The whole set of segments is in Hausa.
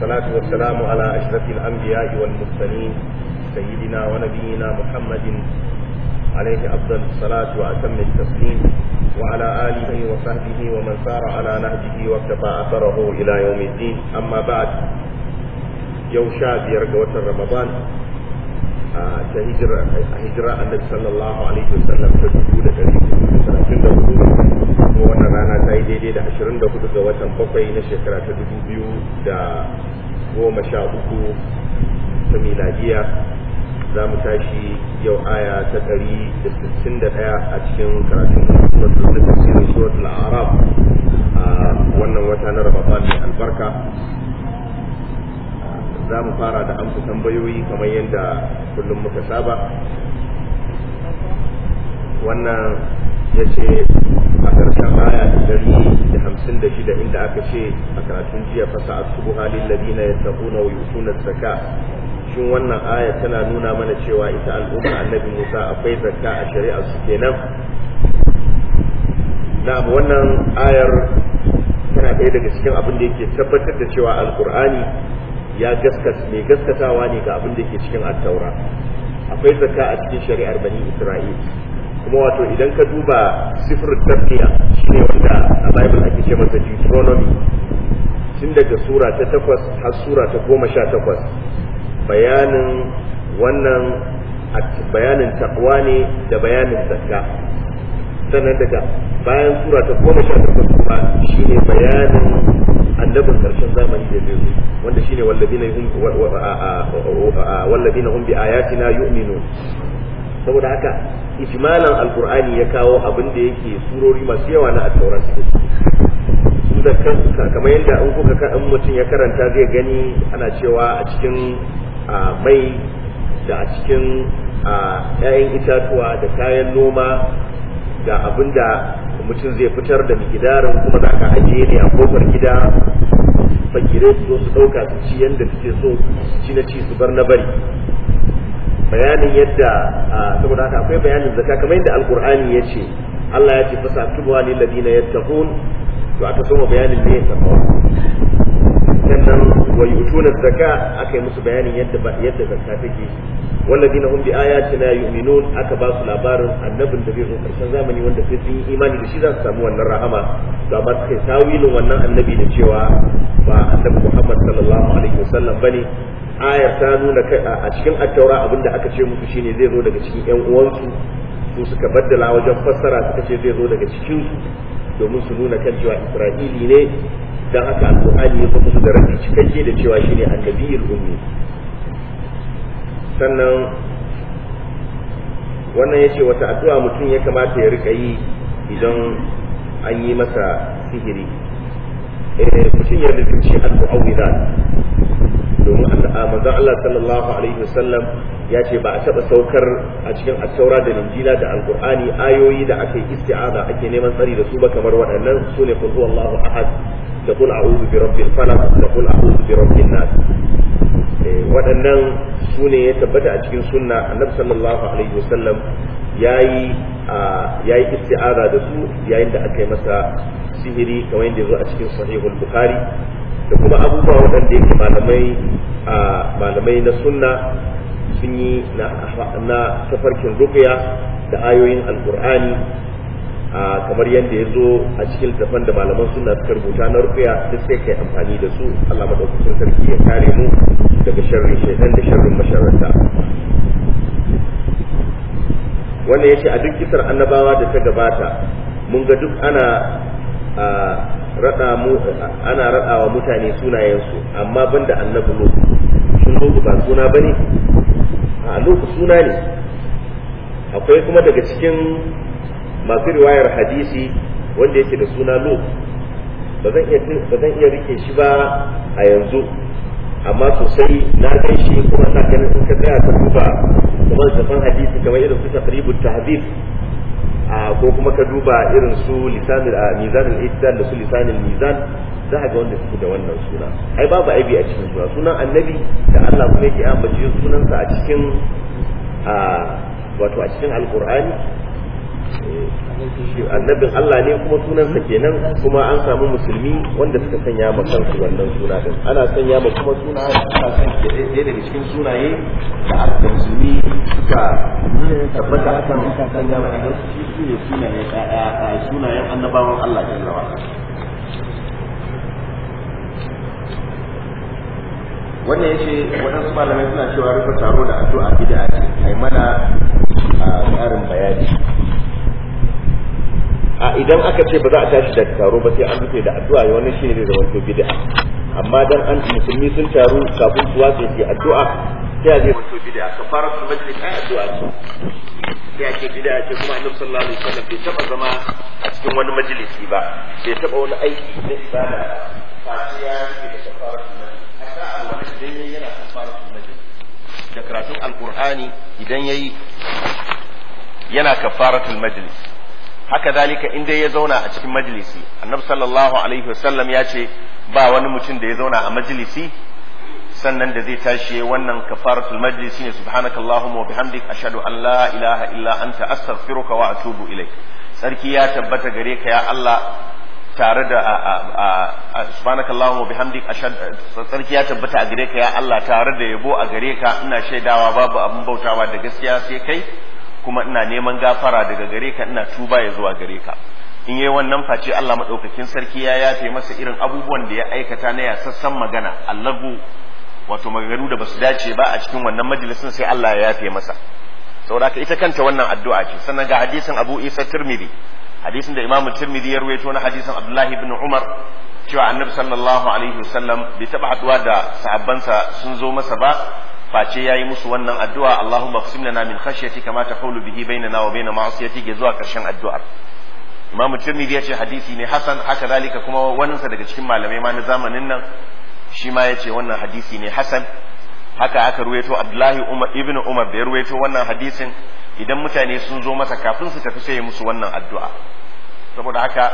والصلاة والسلام على أشرف الأنبياء والمرسلين سيدنا ونبينا محمد عليه أفضل الصلاة وأتم التسليم وعلى آله وصحبه ومن سار على نهجه واقتفى أثره إلى يوم الدين أما بعد يوشا بيرقوة رمضان ta hijira annabi sallallahu alaihi wasallam ta dubu da dari talatin da hudu kuma wannan rana ta yi daidai da ashirin da hudu ga watan bakwai na shekara ta dubu biyu da goma sha uku ta miladiya za mu tashi yau aya ta ɗari da sittin da ɗaya a cikin karatun wasu suratul suratul arab a wannan wata na rababa mai albarka za mu fara da amsa tambayoyi kamar yadda kullum muka saba wannan ya ce kan aya ta dari da hamsin da shida inda aka ce a karatun jiya fasa a subu halin ladina ya na wuyu sunan zaka shin wannan aya tana nuna mana cewa ita al'umma annabi musa akwai zaka a shari'ar su kenan na wannan ayar tana ɗaya daga cikin abin da yake tabbatar da cewa alkur'ani ya gaskata. mai gaskatawa ne ga abin da yake cikin attaura akwai zaka a cikin shari'ar bani isra'il kuma wato idan ka duba sifirin tarbiyya shine wanda a bible ake ce masa deuteronomy tun daga sura ta takwas har sura ta goma sha takwas bayanin wannan bayanin takwa ne da bayanin zakka sannan daga bayan sura ta goma sha takwas kuma ne bayanin annabin karshen zamani da zai zo wanda shine wallazina hum wallazina hum bi ayatina yu'minun saboda haka ijmalan alkur'ani ya kawo abin da yake surori masu yawa na attaura suke su da kansu kamar yadda in kuka ka an mutum ya karanta zai gani ana cewa a cikin mai da a cikin ‘ya'yan itatuwa da kayan noma da abin da mutum zai fitar da mikidarin kuma za ka ajiye ne a kofar gida fakirai su su ɗauka su ci yadda suke so su ci na ci su bar na bari bayanin yadda saboda haka akwai bayanin zakka kamar yadda alqur'ani ya ce Allah ya ce fasatubu lil ladina yattaqun to aka soma bayanin ne takawa sannan wa yutuna zakka aka yi musu bayanin yadda yadda zakka take walladina hum bi ayatina yu'minun aka ba su labarin annabin da zai zo karshen zamani wanda sai sun yi imani da shi za su samu wannan rahama to amma suka tawilin wannan annabi da cewa ba annabi Muhammad sallallahu alaihi wasallam bane ayar ta nuna a cikin attaura abin da aka ce musu shine zai zo daga cikin yan uwansu su suka baddala wajen fassara suka ce zai zo daga cikin su domin su nuna kan cewa isra'ili ne dan haka alqur'ani ya musu da rabi cikakke da cewa shine annabiyul ummi sannan wannan yace wata addu'a mutum ya kamata ya rika yi idan an yi masa sihiri eh mutum ya rubuci al-mu'awwidat domin manzon Allah sallallahu alaihi wasallam ya ce ba a taba saukar a cikin attaura da injila da alqur'ani ayoyi da ake isti'aza ake neman tsari da su ba kamar waɗannan ne qul huwallahu ahad da qul a'udhu bi rabbil falaq da qul a'udhu bi rabbin nas eh, waɗannan su ne ya tabbata a cikin sunna annabi sallallahu alaihi wasallam yayi yayi isti'aza da su yayin da aka yi masa sihiri kamar yadda zo a cikin sahihul bukhari da kuma abubuwa waɗanda yake malamai malamai na sunna sun yi na tafarkin ruqya da ayoyin a kamar yadda ya zo a cikin tafan da malaman sunna suka rubuta na ruqya duk sai kai amfani da su Allah sun sarki ya kare mu daga sharrin shaitan da sharrin masharanta wannan ce a duk kisar annabawa da ta gabata mun ga duk ana rada mu ana radawa mutane sunayensu amma banda annabi nuhu sun nuhu ba suna bane a nuhu suna ne akwai kuma daga cikin masu riwayar hadisi wanda yake da suna nuhu ba zan iya ba rike shi ba a yanzu amma sosai na gan shi kuma sa ganin in ka tsaya ka duba kamar zafan hadisi kamar irin su tafribu tahdhib ko kuma ka duba irin su a mizanin ittidal da su lisanin mizan za a ga wanda suke da wannan suna ai babu aibi a cikin suna sunan annabi da Allah kuma yake ambaci sunansa a cikin wato a cikin alqur'ani eh, annabin Allah ne kuma sunansa kenan kuma an samu musulmi wanda suka sanya ma kansu wannan suna din ana sanya ma kuma suna a cikin sunaye da musulmi suka tabbata akan kan jama'a su ne sunayen sunayen annabawan Allah jalla wa wannan yace waɗansu malamai suna cewa rufe taro da addu'a bid'a ce ai mana ƙarin bayani a idan aka ce ba za a tashi da taro ba sai an rufe da addu'a ya wani shine ne da wani gida. amma dan an musulmi sun taru kafin su watsa su addu'a sai zai wato bid'a ka fara kafaratu majlis ai addu'a ce sai ake bid'a ce kuma annabi sallallahu alaihi wasallam bai taba zama a cikin wani majalisi ba bai taba wani aiki na ibada ba sai ya rike da kafaratu majlis haka a wani dai yana kafaratu majlis da karatun alqur'ani idan yayi yana kafaratul majlis haka zalika in dai ya zauna a cikin majalisi annabi sallallahu alaihi wasallam ya ce ba wani mutum da ya zauna a majalisi sannan da zai tashi wannan kafaratul majlis shine subhanakallahumma wa bihamdik ashhadu an la ilaha illa anta astaghfiruka wa atubu ilaik sarki ya tabbata gare ka ya Allah tare da subhanakallahumma wa bihamdik sarki ya tabbata a gare ka ya Allah tare da yabo a gare ka ina shaidawa babu abin bautawa da gaskiya sai kai kuma ina neman gafara daga gare ka ina tuba ya zuwa gare ka in yi wannan face Allah maɗaukakin sarki ya yafe masa irin abubuwan da ya aikata na ya sassan magana allahu wato maganganu da basu dace ba a cikin wannan majalisin sai Allah ya yafe masa saboda ita kanta wannan addu'a ce sannan ga hadisin Abu Isa Tirmidhi hadisin da Imam Tirmidhi ya rawaito na hadisin Abdullahi ibn Umar cewa Annabi sallallahu alaihi wasallam bai taba haduwa da sahabbansa sun zo masa ba face yayi musu wannan addu'a Allahumma qsim lana min khashyati kama taqulu bihi bainana wa ma'siyati ga zuwa karshen addu'ar Imam Tirmidhi ya ce hadisi ne hasan haka zalika kuma sa daga cikin malamai ma na zamanin nan shi ma ya ce wannan hadisi ne hasan haka aka ruwaito abdullahi ibn umar da ya ruwaito wannan hadisin idan mutane sun zo masa kafin su tafi sai ya musu wannan addu'a saboda haka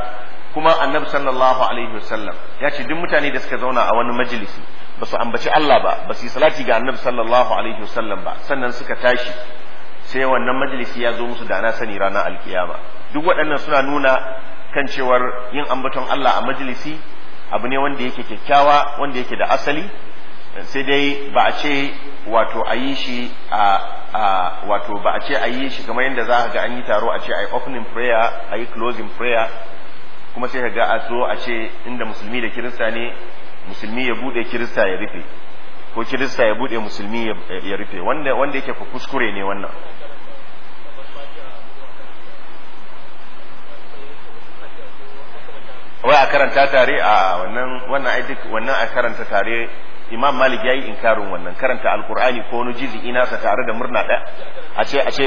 kuma annabi sallallahu alaihi wasallam ya ce duk mutane da suka zauna a wani majalisi ba su ambaci Allah ba ba su yi salati ga annabi sallallahu alaihi wasallam ba sannan suka tashi sai wannan majalisi ya zo musu da na sani ranar alkiyama duk waɗannan suna nuna kan cewar yin ambaton Allah a majalisi abu ne wanda yake kyakkyawa wanda yake da asali sai dai ba a ce wato a yi shi a wato ba a ce a yi shi kamar yadda za a ga an yi taro a ce a yi opening prayer a yi closing prayer kuma sai ga a zo a ce inda musulmi da kirista ne musulmi ya bude kirista ya rufe ko kirista ya bude musulmi ya rufe wanda yake kuskure ne wannan wai a karanta tare a wannan wannan ai duk wannan a karanta tare imam malik yayi inkarin wannan karanta alqur'ani ko wani ina nasa tare da murna da a ce a ce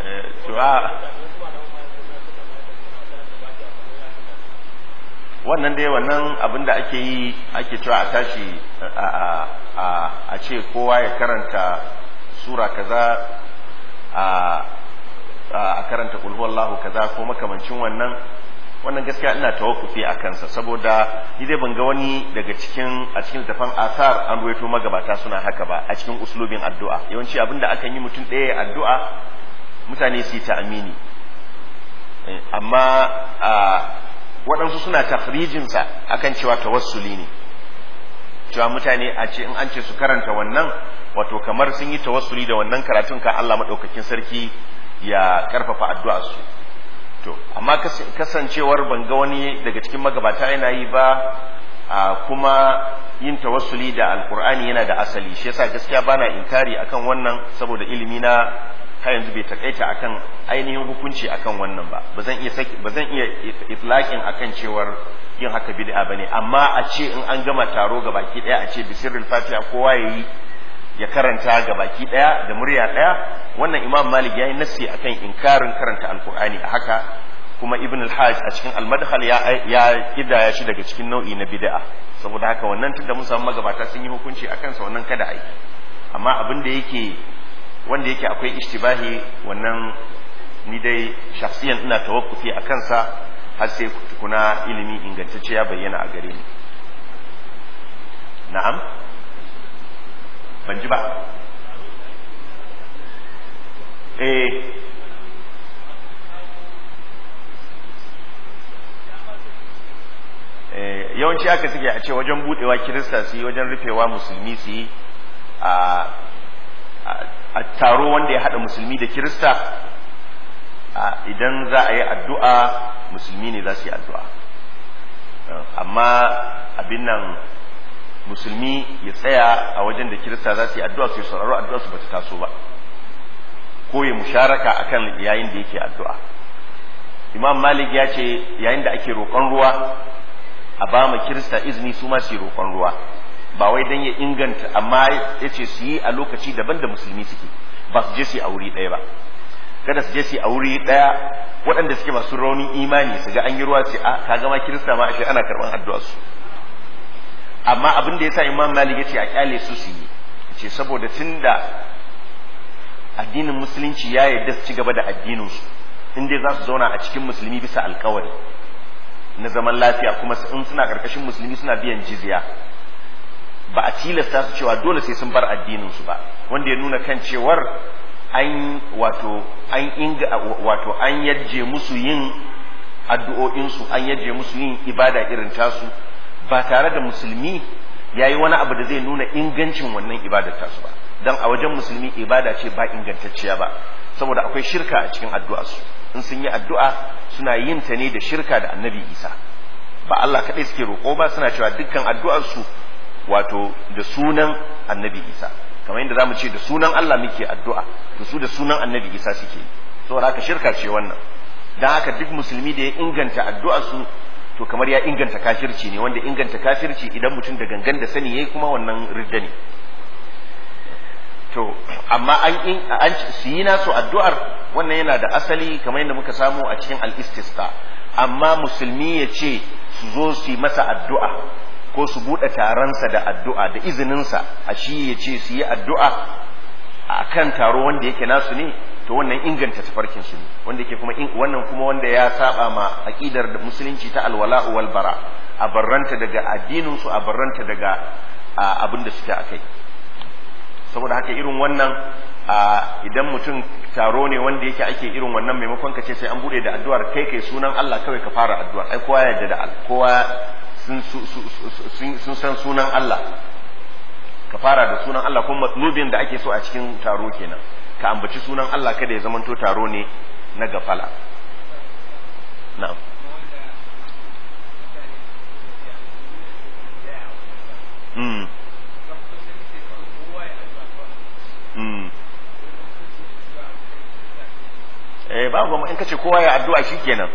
eh, wannan dai wannan abin da ake yi ake cewa a tashi a ce kowa ya karanta sura kaza a a karanta kulhuwallahu kaza ko makamancin wannan wannan gaskiya ina tawakkufi a kansa saboda ni dai ban ga wani daga cikin a cikin tafan asar an ruwaito magabata suna haka ba a cikin uslubin addu'a yawanci abin da aka yi mutum ɗaya addu'a mutane su yi ta'amini eh, amma waɗansu suna tafrijinsa akan cewa tawassuli ne cewa mutane a ce in an ce su karanta wannan wato kamar sun yi tawassuli da wannan karatun ka Allah maɗaukakin sarki ya karfafa addu'a su to amma kasancewar ban ga wani daga cikin magabata yana yi ba kuma yin tawassuli da alkur'ani yana da asali shi yasa gaskiya bana inkari akan wannan saboda ilimi na har yanzu bai takaita akan ainihin hukunci akan wannan ba ba zan iya saki akan cewar yin haka bid'a bane amma a ce in an gama taro ga baki daya a ce bisirul fatiha kowa yayi ya karanta ga baki daya da murya ɗaya wannan imam malik yayi nasi akan inkarin karanta alqur'ani a haka kuma ibn al a cikin al-madkhal ya ya shi daga cikin nau'i na bid'a saboda haka wannan tunda mun samu magabata sun yi hukunci akan sa wannan kada ai amma abin da yake wanda yake akwai ishtibahi wannan ni dai shakhsiyan ina tawakkufi a kansa har sai tukuna ilimi ingantacce ya bayyana a gare ni na'am ban ji ba eh, eh yawanci aka suke a ce wajen budewa kirista su yi wajen rufewa musulmi su yi a taro wanda ya hada musulmi da kirista idan za a yi addu'a musulmi ne za su yi addu'a eh, amma abin nan musulmi ya tsaya a wajen da kirista za su yi addu'a su sauraro addu'a su bata taso ba ko ya musharaka akan yayin da yake addu'a imam malik ya ce yayin da ake roƙon ruwa a ba ma kirista izini su ma su yi roƙon ruwa ba wai dan ya inganta amma ya ce su yi a lokaci daban da musulmi suke ba su je su yi a wuri ɗaya ba kada su je su yi a wuri ɗaya waɗanda suke masu raunin imani su ga an yi ruwa su a ah, kaga ma kirista ma ashe ana karɓar addu'a su amma abin da yasa imam malik yace a kyale su su yi ce saboda tunda addinin musulunci ya yarda su ci gaba da addinin su in dai za su zauna a cikin musulmi bisa alkawari na zaman lafiya kuma in suna karkashin musulmi suna biyan jizya ba a tilasta su cewa dole sai sun bar addinin su ba wanda ya nuna kan cewar an wato an inga wato an yaje musu yin addu'o'insu an yaje musu yin ibada irin tasu ba tare da musulmi ya yi wani abu da zai nuna ingancin wannan ibadar tasu ba don a wajen musulmi ibada ce ba ingantacciya ba saboda akwai shirka a cikin addu'a su in sun yi addu'a suna yin ta ne da shirka da annabi isa ba allah kaɗai suke roƙo ba suna cewa dukkan addu'ar su wato da sunan annabi isa kamar yadda zamu ce da sunan allah muke addu'a da su da sunan annabi isa suke yi. saboda haka shirka ce wannan don haka duk musulmi da ya inganta addu'ar su to kamar ya inganta kafirci ne wanda inganta kafirci idan mutum da gangan da sani yayi kuma wannan ridda ne to amma an in an su yi nasu addu'ar wannan yana da asali kamar yadda muka samu a cikin al-istisqa amma musulmi ya ce su zo su yi masa addu'a ko su buɗe taronsa da addu'a da izininsa a shi ya ce su yi addu'a a kan taro wanda yake nasu ne to wannan inganta tafarkin su wanda yake kuma wannan kuma wanda ya saba ma aqidar musulunci ta alwala wal bara a barranta daga addinin su a barranta daga abin da suke akai saboda haka irin wannan idan mutum taro ne wanda yake ake irin wannan maimakon ka ce sai an bude da addu'ar kai kai sunan Allah kawai ka fara addu'ar ai kowa ya da kowa sun san sunan Allah ka fara da sunan Allah kuma matlubin da ake so a cikin taro kenan ka ambaci sunan Allah kada ya zamanto taro ne na gafala na'am mm mm eh babu in kace kowa ya addu'a shikenan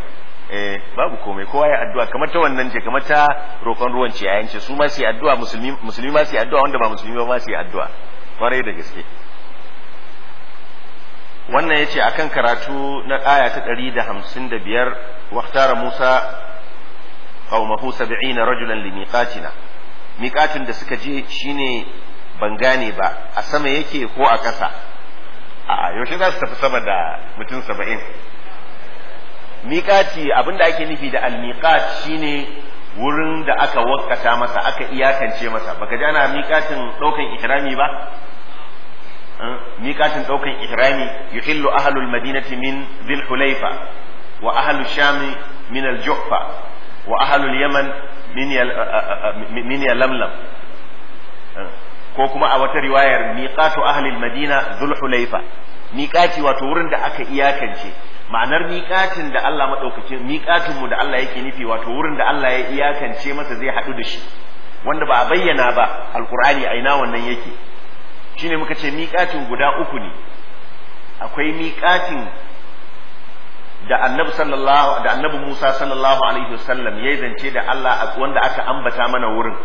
eh babu komai kowa ya addu'a kamar ta wannan ce kamar ta roƙon ruwan ce ce su ma su addu'a musulmi musulmi ma su addu'a wanda ba musulmi ba ma su addu'a kwarai da gaske wannan yace akan karatu na aya ta 155 waqtara Musa qaumahu 70 rajulan limiqatina miqatin da suka je shine ban gane ba a sama yake ko a ƙasa a yaushe za su tafi sama da mutum 70 miqati abinda ake nufi da almiqat shine wurin da aka wakkata masa aka iyakance masa baka ji ana miqatin daukan ihrami ba miƙatin ɗaukan ihrami yuhillu ahlul madinati min dhil hulaifa yaman min ko kuma a wata riwayar madina hulaifa miƙati wato da aka iyakance ma'anar miƙatin da Allah maɗaukacin miƙatin mu da Allah yake nufi wato wurin da Allah ya iyakance masa zai haɗu da shi wanda ba a bayyana ba Alƙur'ani a ina wannan yake shine muka ce miƙatin guda uku ne akwai miƙatin da annabi sallallahu da annabi Musa sallallahu alaihi wasallam yayi zance da Allah wanda aka ambata mana wurin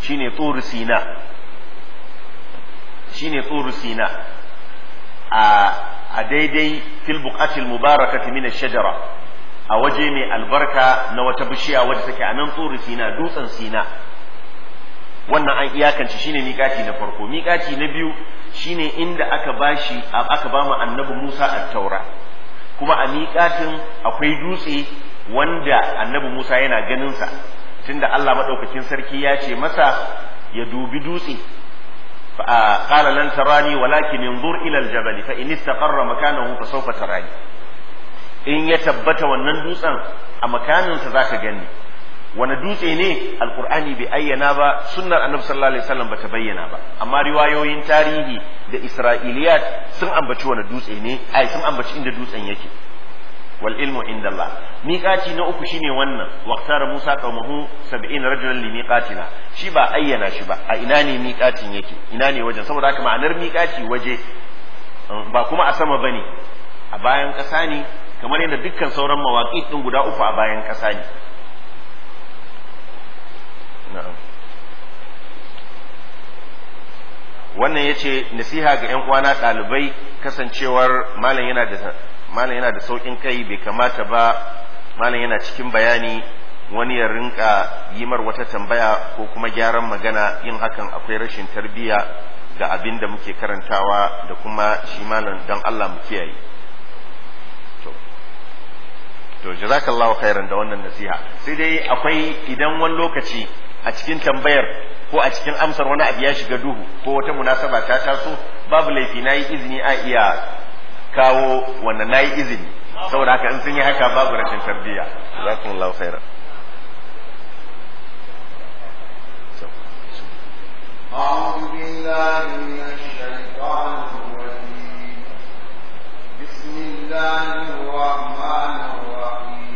shine tsuru sina shine sina a a daidai fil buqatil mubarakati min ash-shajara a waje mai albarka na wata bishiya wadda take a nan tsuru sina dutsen sina wannan an iyakance shine miƙati na farko miƙati na biyu shine inda aka bashi aka ba mu annabi Musa at-Taura kuma a miƙatin akwai dutse wanda annabi Musa yana ganin sa tunda Allah madaukakin sarki ya ce masa ya dubi dutse A lan tarani walakin inzur ila al-jabal fa in istaqarra makanahu fa sawfa tarani in ya tabbata wannan dutsen a makaninsa zaka gani wani dutse ne alkur'ani bai ayyana ba sunnar annabi sallallahu alaihi wasallam bata bayyana ba amma riwayoyin tarihi da isra'iliyat sun ambaci wani dutse ne ai sun ambaci inda dutsen yake wal ilmu inda Allah miqati na uku shine wannan waqtar Musa qaumahu 70 rajulan li miqatina shi ba ayyana shi ba a ina ne miqatin yake ina ne wajen saboda haka ma'anar miqati waje um, ba kuma a sama bane a bayan ƙasa ne kamar yadda dukkan sauran mawaƙi ɗin guda uku a bayan ƙasa ne wannan ya ce nasiha ga 'yan uwana ɗalibai kasancewar malam yana da malam yana da sauƙin kai bai kamata ba malam yana cikin bayani wani ya rinka yi mar wata tambaya ko kuma gyaran magana yin hakan akwai rashin tarbiyya ga abin da muke karantawa da kuma shi malam don Allah mu kiyaye to jazakallahu khairan da wannan nasiha sai dai akwai idan wani lokaci a cikin tambayar ko a cikin amsar wani abu ya shiga duhu ko wata munasaba ta taso babu laifi na yi izini a iya kawo wanda na yi izini saboda haka in sun yi haka babu rashin tarbiyya jazakumullahu khairan أعوذ بالله من الشيطان الرجيم بسم الله الرحمن الرحيم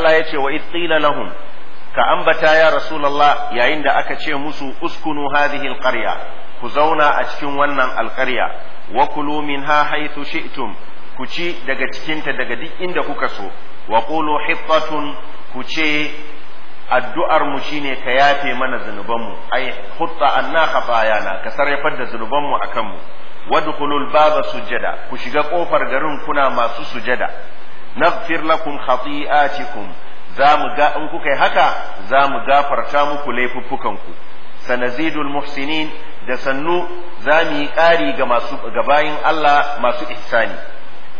ta'ala ya ce wa ittila lahum ka ambata ya rasulullah yayin da aka ce musu uskunu hadhihi alqarya ku zauna a cikin wannan alqarya wa kulu minha haythu shi'tum ku ci daga cikinta daga duk inda kuka so wa qulu hittatun ku ce addu'ar mu shine ka yafe mana zunubanmu ai hutta anna khatayana ka sarrafar da zunubanmu akan mu wadkhulul baba sujada ku shiga kofar garin kuna masu sujada naghfir lakum khati'atikum za mu ga in kuka yi haka za mu gafarta muku laifuffukanku sanazidul muhsinin da sannu za mu yi ƙari ga masu ga Allah masu ihsani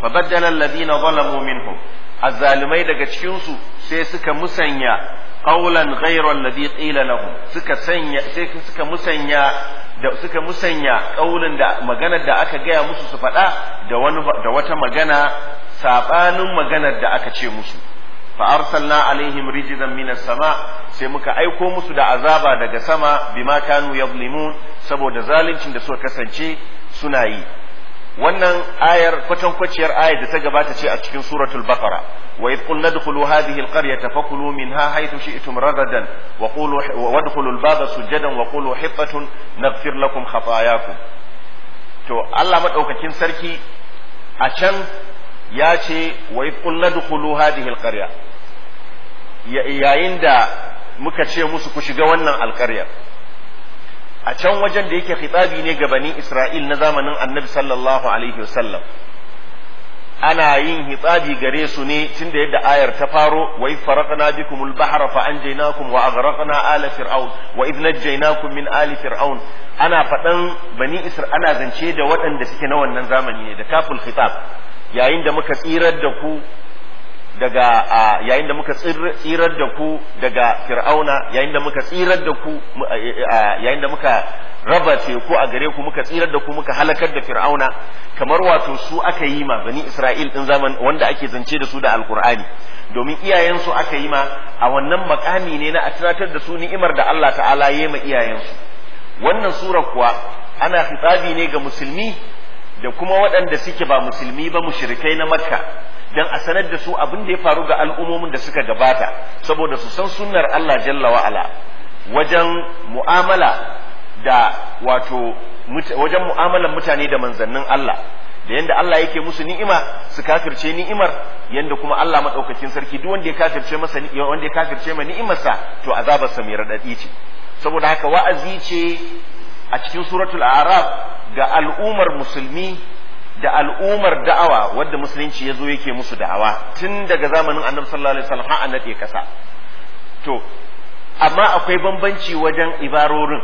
fa baddala alladhina zalamu minhum azzalimai daga cikin su sai suka musanya qawlan ghayra alladhi qila lahum suka sanya sai suka musanya da suka musanya kaulin da maganar da aka gaya musu su faɗa da wani da wata magana sabanin maganar da aka ce musu fa arsalna alaihim rijzan minas sama sai muka aiko musu da azaba daga sama bima kanu yadhlimun saboda zaluncin da suka kasance suna yi wannan ayar kwatankwaciyar ayar da ta gabata ce a cikin suratul baqara wa id qulna dkhulu hadhihi alqaryata fakulu minha haythu shi'tum ragadan wa qulu wadkhulu albaba sujadan wa qulu hitatun naghfir lakum khatayakum to Allah madaukakin sarki a can ya ce wa id qulna dkhulu hadhihi alqarya yayin da muka ce musu ku shiga wannan alqaryar a can wajen da yake khitabi ne ga bani Isra'il na zamanin Annabi sallallahu alaihi wasallam ana yin hitsabi gare su ne tunda yadda ayar ta faro wa id faraqna bikum al-bahra fa anjaynakum wa aghraqna ala fir'aun wa id najaynakum min ali fir'aun ana fadan bani isra'ila ana zance da waɗanda suke na wannan zamani ne da kaful khitab yayin da muka tsirar da ku daga yayin da muka tsirar da ku daga fir'auna yayin da muka tsirar da ku yayin da muka raba teku a gare ku muka tsirar da ku muka halakar da fir'auna kamar wato su aka yi ma bani isra'il din zaman wanda ake zance da su da alkur'ani domin iyayensu aka yi ma a wannan makami ne na a tunatar da su ni'imar da Allah ta'ala ya ma iyayensu wannan sura kuwa ana hitabi ne ga musulmi da kuma waɗanda suke ba musulmi ba mushrikai na makka don a sanar da su abin da ya faru ga al'ummomin da suka gabata saboda su san sunnar Allah jalla wa'ala wajen mu'amala da wato wajen mu'amalan mutane da manzannin Allah da yanda Allah yake musu ni'ima su kafirce ni'imar yanda kuma Allah madaukakin sarki duk wanda ya kafirce masa wanda ya kafirce ma ni'imarsa to azabarsa mai radadi ce saboda haka wa'azi ce a cikin suratul araf ga al'umar musulmi da al'ummar da'awa wadda musulunci ya zo yake musu da'awa tun daga zamanin annabi sallallahu alaihi wasallam har kasa to amma akwai bambanci wajen ibarorin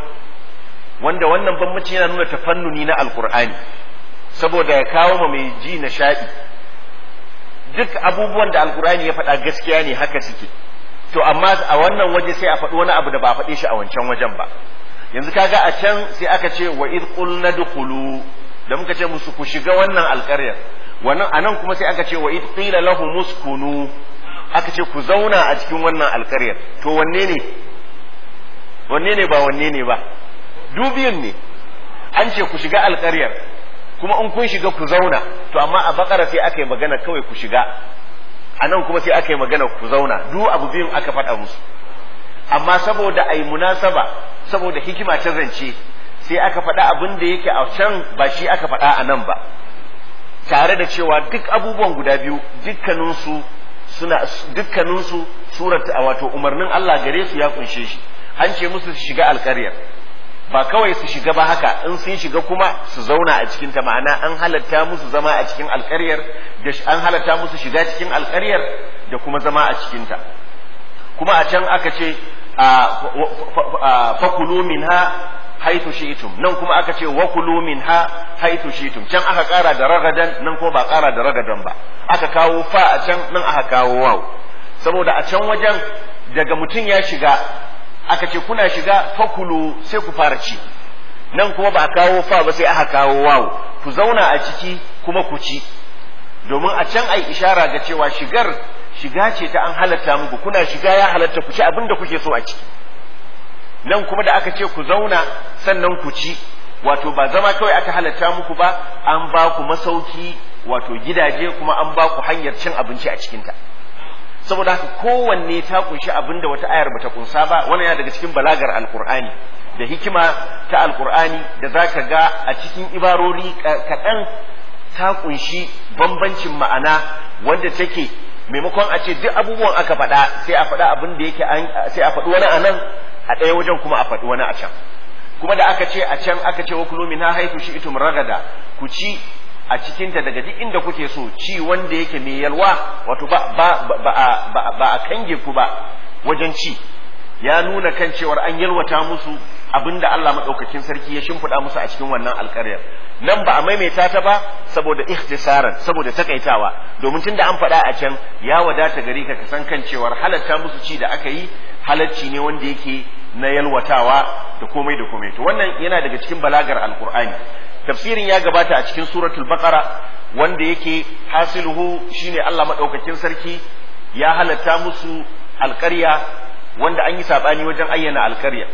wanda wannan bambanci yana nuna tafannuni na alkur'ani saboda ya kawo ma mai ji nishaɗi duk abubuwan da alkur'ani ya faɗa gaskiya ne haka suke to amma a wannan waje sai a faɗi wani abu da ba a faɗe shi a wancan wajen ba yanzu kaga a can sai aka ce wa id qulna dukhulu da muka ce musu ku shiga wannan alƙaryar wannan anan kuma sai aka ce wa id qila lahum muskunu aka ce ku zauna a cikin wannan alƙaryar to wanne ne wanne ne ba wanne ne ba dubiyin ne an ce ku shiga alƙaryar kuma in kun shiga ku zauna to amma a bakara sai aka yi magana kawai ku shiga anan kuma sai aka yi magana ku zauna duk abu biyun aka faɗa musu amma saboda ai munasaba saboda hikima ta zance sai aka faɗa abin da yake a can ba shi aka faɗa a nan ba tare da cewa duk abubuwan guda biyu dukkaninsu suna dukkaninsu surat wato umarnin Allah gare su ya kunshe shi an ce musu su shiga alƙaryar ba kawai su shiga ba haka in sun shiga kuma su zauna a cikin ta ma'ana an halatta musu zama a cikin alƙaryar da an halatta musu shiga cikin alƙaryar da kuma zama a cikin ta kuma a can aka ce fakulu minha haithu shi'tum nan kuma aka ce wa kulu minha haithu can aka kara da ragadan nan ko ba kara da ragadan ba aka kawo fa a can nan aka kawo waw saboda a can wajen daga mutum ya shiga aka ce kuna shiga fakulu sai ku fara ci nan kuma ba a kawo fa ba sai aka kawo waw ku zauna a ciki kuma ku ci domin a can ai ishara ga cewa shigar shiga ce ta an halatta muku kuna shiga ya halatta ku ci abin da kuke so a ciki nan kuma da aka ce ku zauna sannan ku ci wato ba zama kawai aka halatta muku ba an ba ku masauki wato gidaje kuma an ba ku hanyar cin abinci a cikinta saboda haka kowanne ta kunshi abinda da wata ayar bata kunsa ba wannan yana daga cikin balagar alkur'ani da hikima ta alkur'ani da zaka ga a cikin ibarori kaɗan ta kunshi bambancin ma'ana wanda take maimakon a ce duk abubuwan aka faɗa sai a faɗa abin da yake sai a faɗi wani a nan a ɗaya wajen kuma a faɗi wani a can kuma da aka ce a can aka ce wa min ha haitu shi itum ragada ku ci a cikinta daga duk inda kuke so ci wanda yake mai yalwa wato ba ba ba ba a kange ku ba wajen ci ya nuna kan cewar an yalwata musu abinda Allah maɗaukakin sarki ya shimfiɗa musu a cikin wannan alƙaryar nan ba a maimaita ta ba saboda ikhtisaran saboda takaitawa domin tunda an faɗa a can ya wadata gari ka san kan cewar halatta musu ci da aka yi halacci ne wanda yake na yalwatawa da komai da komai to wannan yana daga cikin balagar alqur'ani tafsirin ya gabata a cikin suratul baqara wanda yake hasiluhu shine Allah maɗaukakin sarki ya halatta musu alƙarya wanda an yi saɓani wajen ayyana alkarya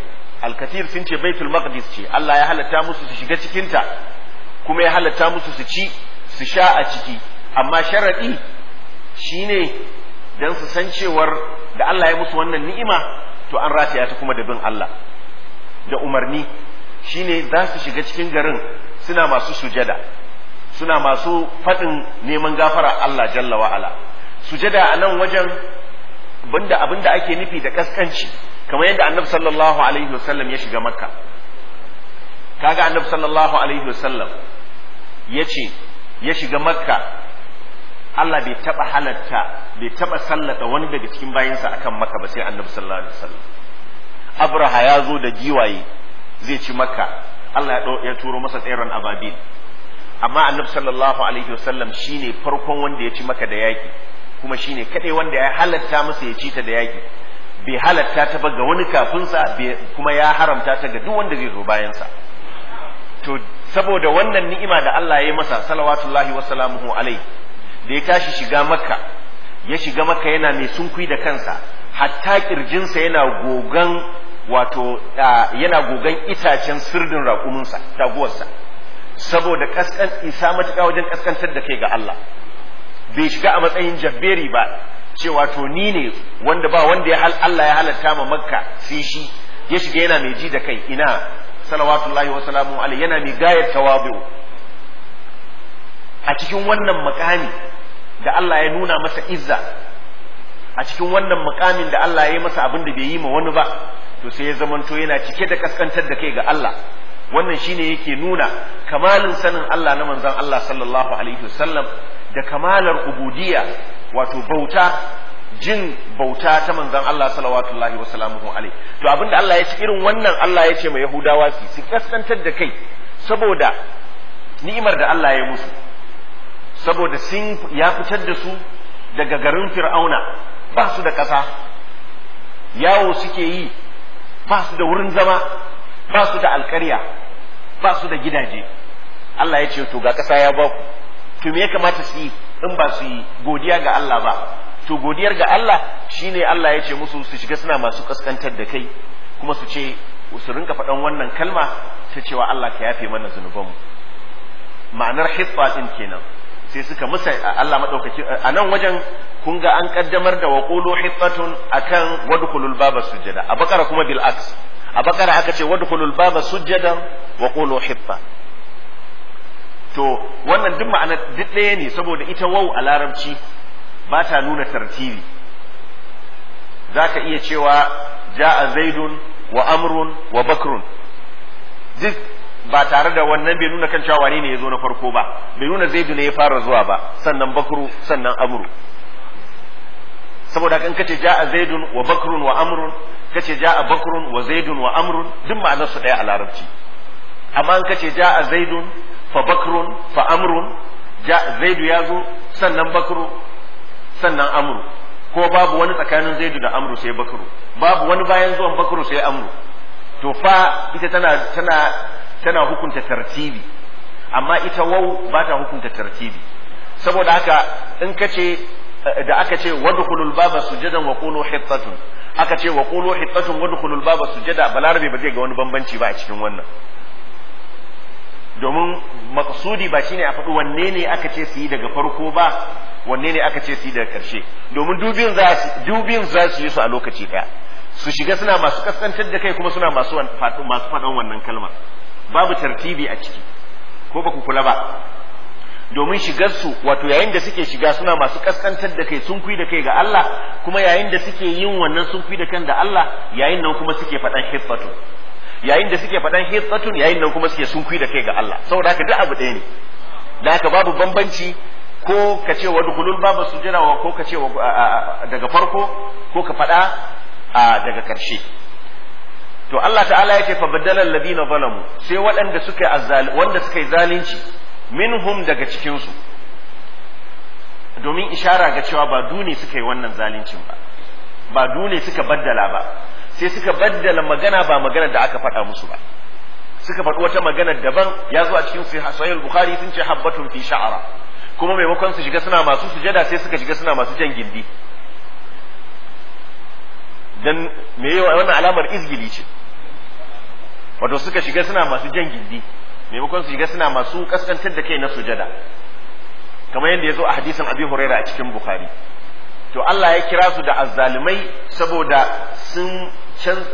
alkathir sun ce baitul maqdis ce Allah ya halatta musu su shiga cikin ta kuma ya halatta musu su ci su sha a ciki amma sharadi shine dan su san cewar da Allah ya musu wannan ni'ima to an rataya ta kuma da bin Allah da umarni shine za su shiga cikin garin suna masu sujada suna masu faɗin neman gafara Allah jalla wa'ala sujada a nan wajen banda abin da ake nufi da kaskanci kamar yadda annabi sallallahu alaihi wasallam ya shiga makka kaga annabi sallallahu alaihi wasallam ya ce ya shiga makka Allah bai taba halatta bai taba sallata wani daga cikin bayinsa akan makka ba sai annabi sallallahu alaihi wasallam abraha ya zo da giwaye zai ci makka Allah ya turo masa tseren ababil amma annabi sallallahu alaihi wasallam shine farkon wanda ya ci maka da yaki kuma shine kaɗai wanda ya halatta masa ya ci ta da yaki bai halatta ta ba ga wani kafinsa kuma ya haramta ta ga duk wanda zai zo bayansa to saboda wannan ni'ima da Allah ya yi masa salawatullahi wasalamuhu alai da ya tashi shiga makka ya shiga makka yana mai sunkwi da kansa hatta kirjinsa yana gogan wato yana gogan itacen sirdin raƙuminsa taguwarsa saboda kaskan isa matuƙa wajen kaskantar da kai ga Allah bai shiga a matsayin jabberi ba cewa to ni ne wanda ba wanda ya hal Allah ya halatta ma makka sai shi ya shiga yana mai ji da kai ina salawatullahi wa salamu alaihi yana mai gayar tawabu a cikin wannan makami da Allah ya nuna masa izza a cikin wannan makamin da Allah ya yi masa abin da bai yi ma wani ba to sai ya zamanto yana cike da kaskantar da kai ga Allah wannan shine yake nuna kamalin sanin Allah na manzon Allah sallallahu alaihi wasallam da kamalar ubudiyya wato bauta jin bauta ta manzon Allah sallallahu wa sallamuhu alaihi to abinda Allah ya ce irin wannan Allah ya ce mai Yahudawa su su kaskantar da kai saboda ni'imar da Allah ya musu saboda sun ya fitar da su daga garin Fir'auna ba su da ƙasa yawo suke yi ba su da wurin zama ba su da alƙarya ba su da gidaje Allah ya ce to ga ƙasa ya ba ku to me ya kamata su yi in ba su yi godiya ga Allah ba to godiyar ga Allah shine Allah ya ce musu su shiga suna masu kaskantar da kai kuma su ce su rinka faɗan wannan kalma ta cewa Allah ka yafe mana zunubanmu ma'anar hiffa din kenan sai suka musa Allah madaukaki a nan wajen kun ga an kaddamar da waqulu hiffatun akan wadkhulul baba sujada a bakara kuma bil aks a bakara aka ce wadkhulul baba sujadan waqulu hiffa to wannan duk ma'ana duk ɗaya ne saboda ita wau a larabci ba ta nuna tartibi za ka iya cewa ja'a zaidun wa amrun wa bakrun duk ba tare da wannan bai nuna kan cewa wane ne ya zo na farko ba bai nuna zaidu ne ya fara zuwa ba sannan bakru sannan amru saboda kan kace ja'a zaidun wa bakrun wa amrun kace ja'a bakrun wa zaidun wa amrun duk ma'anar su daya a larabci amma an kace ja'a zaidun fa bakrun fa amrun zaidu ya zo sannan bakru sannan amru ko babu wani tsakanin zaidu da amru sai bakru babu wani bayan zuwan bakru sai amru to fa ita tana tana tana hukunta tartibi amma ita wau ba ta hukunta tartibi saboda haka in ka ce da aka ce wadkhulul baba sujadan wa qulu hittatun aka ce wa qulu hittatun wadkhulul baba sujada balarabe ba zai ga wani bambanci ba a cikin wannan domin maksudi ba shine a faɗi wanne ne aka ce su yi daga farko ba wanne ne aka ce su yi daga ƙarshe domin dubin za su dubin za su yi su a lokaci ɗaya su shiga suna masu kaskantar da kai kuma suna masu masu faɗan wannan kalmar babu tartibi a ciki ko ba ku kula ba domin shigarsu wato yayin da suke shiga suna masu kaskantar da kai sun kui da kai ga Allah kuma yayin da suke yin wannan sun kui da kan da Allah yayin nan kuma suke faɗan hifatu yayin da suke faɗan hitsatun yayin nan kuma suke sunkui da kai ga Allah saboda haka duk abu ɗaya ne da haka babu bambanci ko ka ce wa dukulul babu su wa ko ka ce daga farko ko ka faɗa daga ƙarshe to Allah ta'ala yake fa badalal ladina zalamu sai waɗanda suka wanda suka yi zalunci minhum daga cikin su domin ishara ga cewa ba dune suka yi wannan zaluncin ba ba dune suka baddala ba sai suka baddala magana ba magana da aka faɗa musu ba suka faɗi wata magana daban ya zo a cikin sahih bukhari sun ce habbatun fi sha'ara kuma maimakon su shiga suna masu sujada sai suka shiga suna masu jan gindi dan me wannan alamar izgili ce wato suka shiga suna masu jan gindi maimakon su shiga suna masu kaskantar da kai na sujada kamar yadda ya zo a hadisin abi huraira a cikin bukhari to Allah ya kira su da azzalimai saboda sun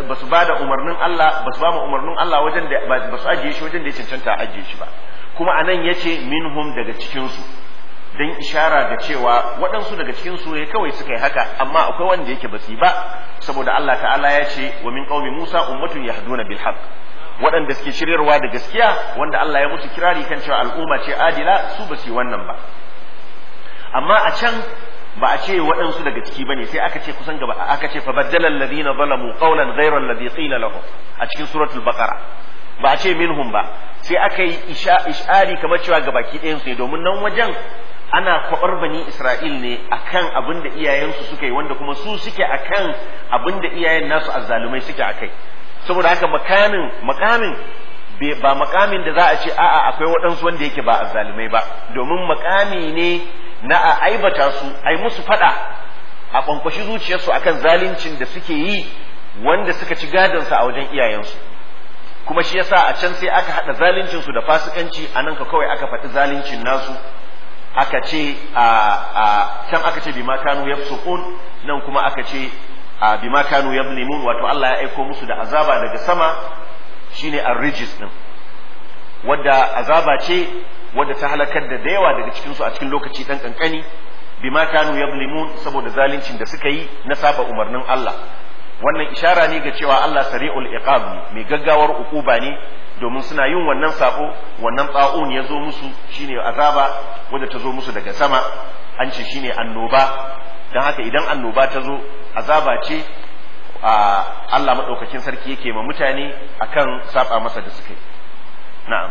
ba su ba da umarnin Allah ba su ba mu umarnin Allah wajen da ba ajiye shi wajen da ya cancanta a ajiye shi ba kuma anan yace minhum daga cikin su dan ishara da cewa waɗansu daga cikin su ne kawai suka yi haka amma akwai wanda yake basi ba saboda Allah ta'ala ya ce wa min qaumi Musa ummatun yahduna bil haqq waɗanda suke shiryarwa da gaskiya wanda Allah ya musu kirari kan cewa al'umma ce adila su ba yi wannan ba amma a can ba a ce waɗansu daga ciki bane sai aka ce kusan gaba aka ce fa baddala alladhina zalamu qawlan ghayra alladhi qila lahum a cikin suratul baqara ba a ce minhum ba sai aka yi ish'ari kamar cewa ga baki ɗayan su ne domin nan wajen ana kwabar bani isra'il ne akan abin da iyayensu suka yi wanda kuma su suke akan abin da iyayen nasu azzalumai suke akai saboda haka makamin makamin ba makamin da za a ce a'a akwai waɗansu wanda yake ba azzalumai ba domin makami ne na a aibata su ai musu fada a kwankwashi zuciyarsu akan zaluncin da suke yi wanda suka ci gadansa a wajen iyayensu kuma shi yasa a can sai aka haɗa zaluncin su da fasikanci a nan ka kawai aka faɗi zaluncin nasu aka ce a can aka ce bima kanu yafsukun nan kuma aka ce bima kanu yablimun wato Allah ya aiko musu da azaba daga sama shine ar-rijis din wadda azaba ce wadda ta halakar da da yawa daga cikinsu a cikin lokaci ɗan ƙanƙani ma kanu yablimun saboda zaluncin da suka yi na saba umarnin Allah wannan ishara ne ga cewa Allah sari'ul iqab ne mai gaggawar ukuba ne domin suna yin wannan sako wannan tsa'un ya zo musu shine azaba wadda ta zo musu daga sama an ce shine annoba dan haka idan annoba ta zo azaba ce a Allah madaukakin sarki yake ma mutane akan saba masa da suka yi نعم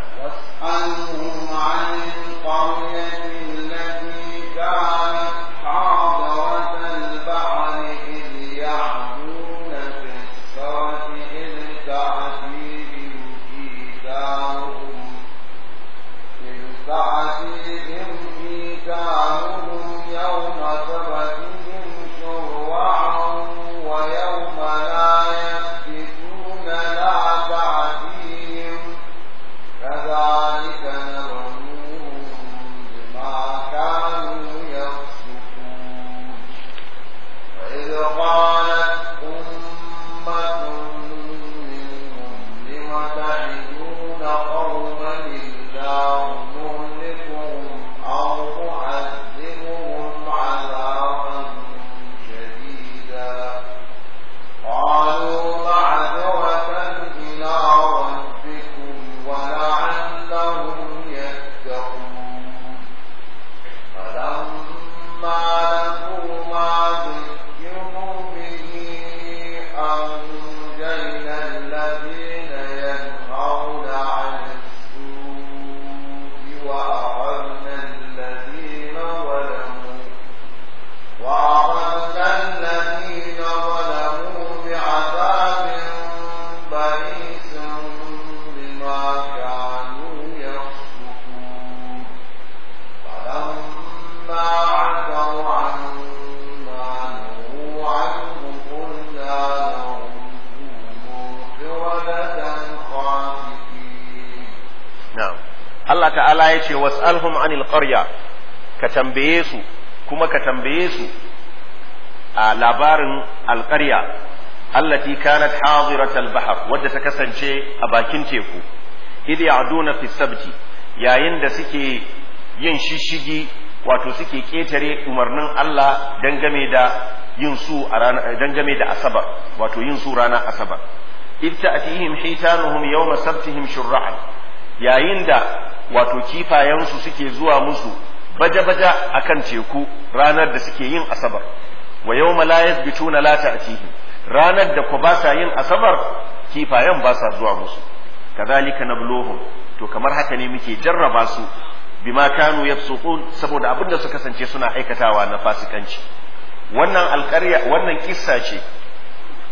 واسألهم عن القرية التي كانت حاضرة البحر إذ يعدون في السرة إذ سعت بهم كيتانهم إذ سعت بهم يوم سبعة ta'ala ya ce was'alhum anil qarya ka tambaye su kuma ka tambaye su a labarin alƙarya allati kanat hadirat al wadda ta kasance a bakin teku idh ya'duna fi sabti yayin da suke yin shishigi wato suke ketare umarnin Allah dangame da yin su a rana dangame da asabar wato yin su rana asabar idh ta'tihim hitanuhum yawma sabtihim shur'an yayin da wato kifayensu suke zuwa musu baja-baja kan teku ranar da suke yin asabar wa yau malayas lata la ta'tihi ranar da ku ba sa yin asabar kifayen ba sa zuwa musu kazalika nabluhum to kamar haka ne muke jarraba su bima kanu yafsukun saboda abin da su kasance suna aikatawa na fasikanci wannan alƙarya wannan kissa ce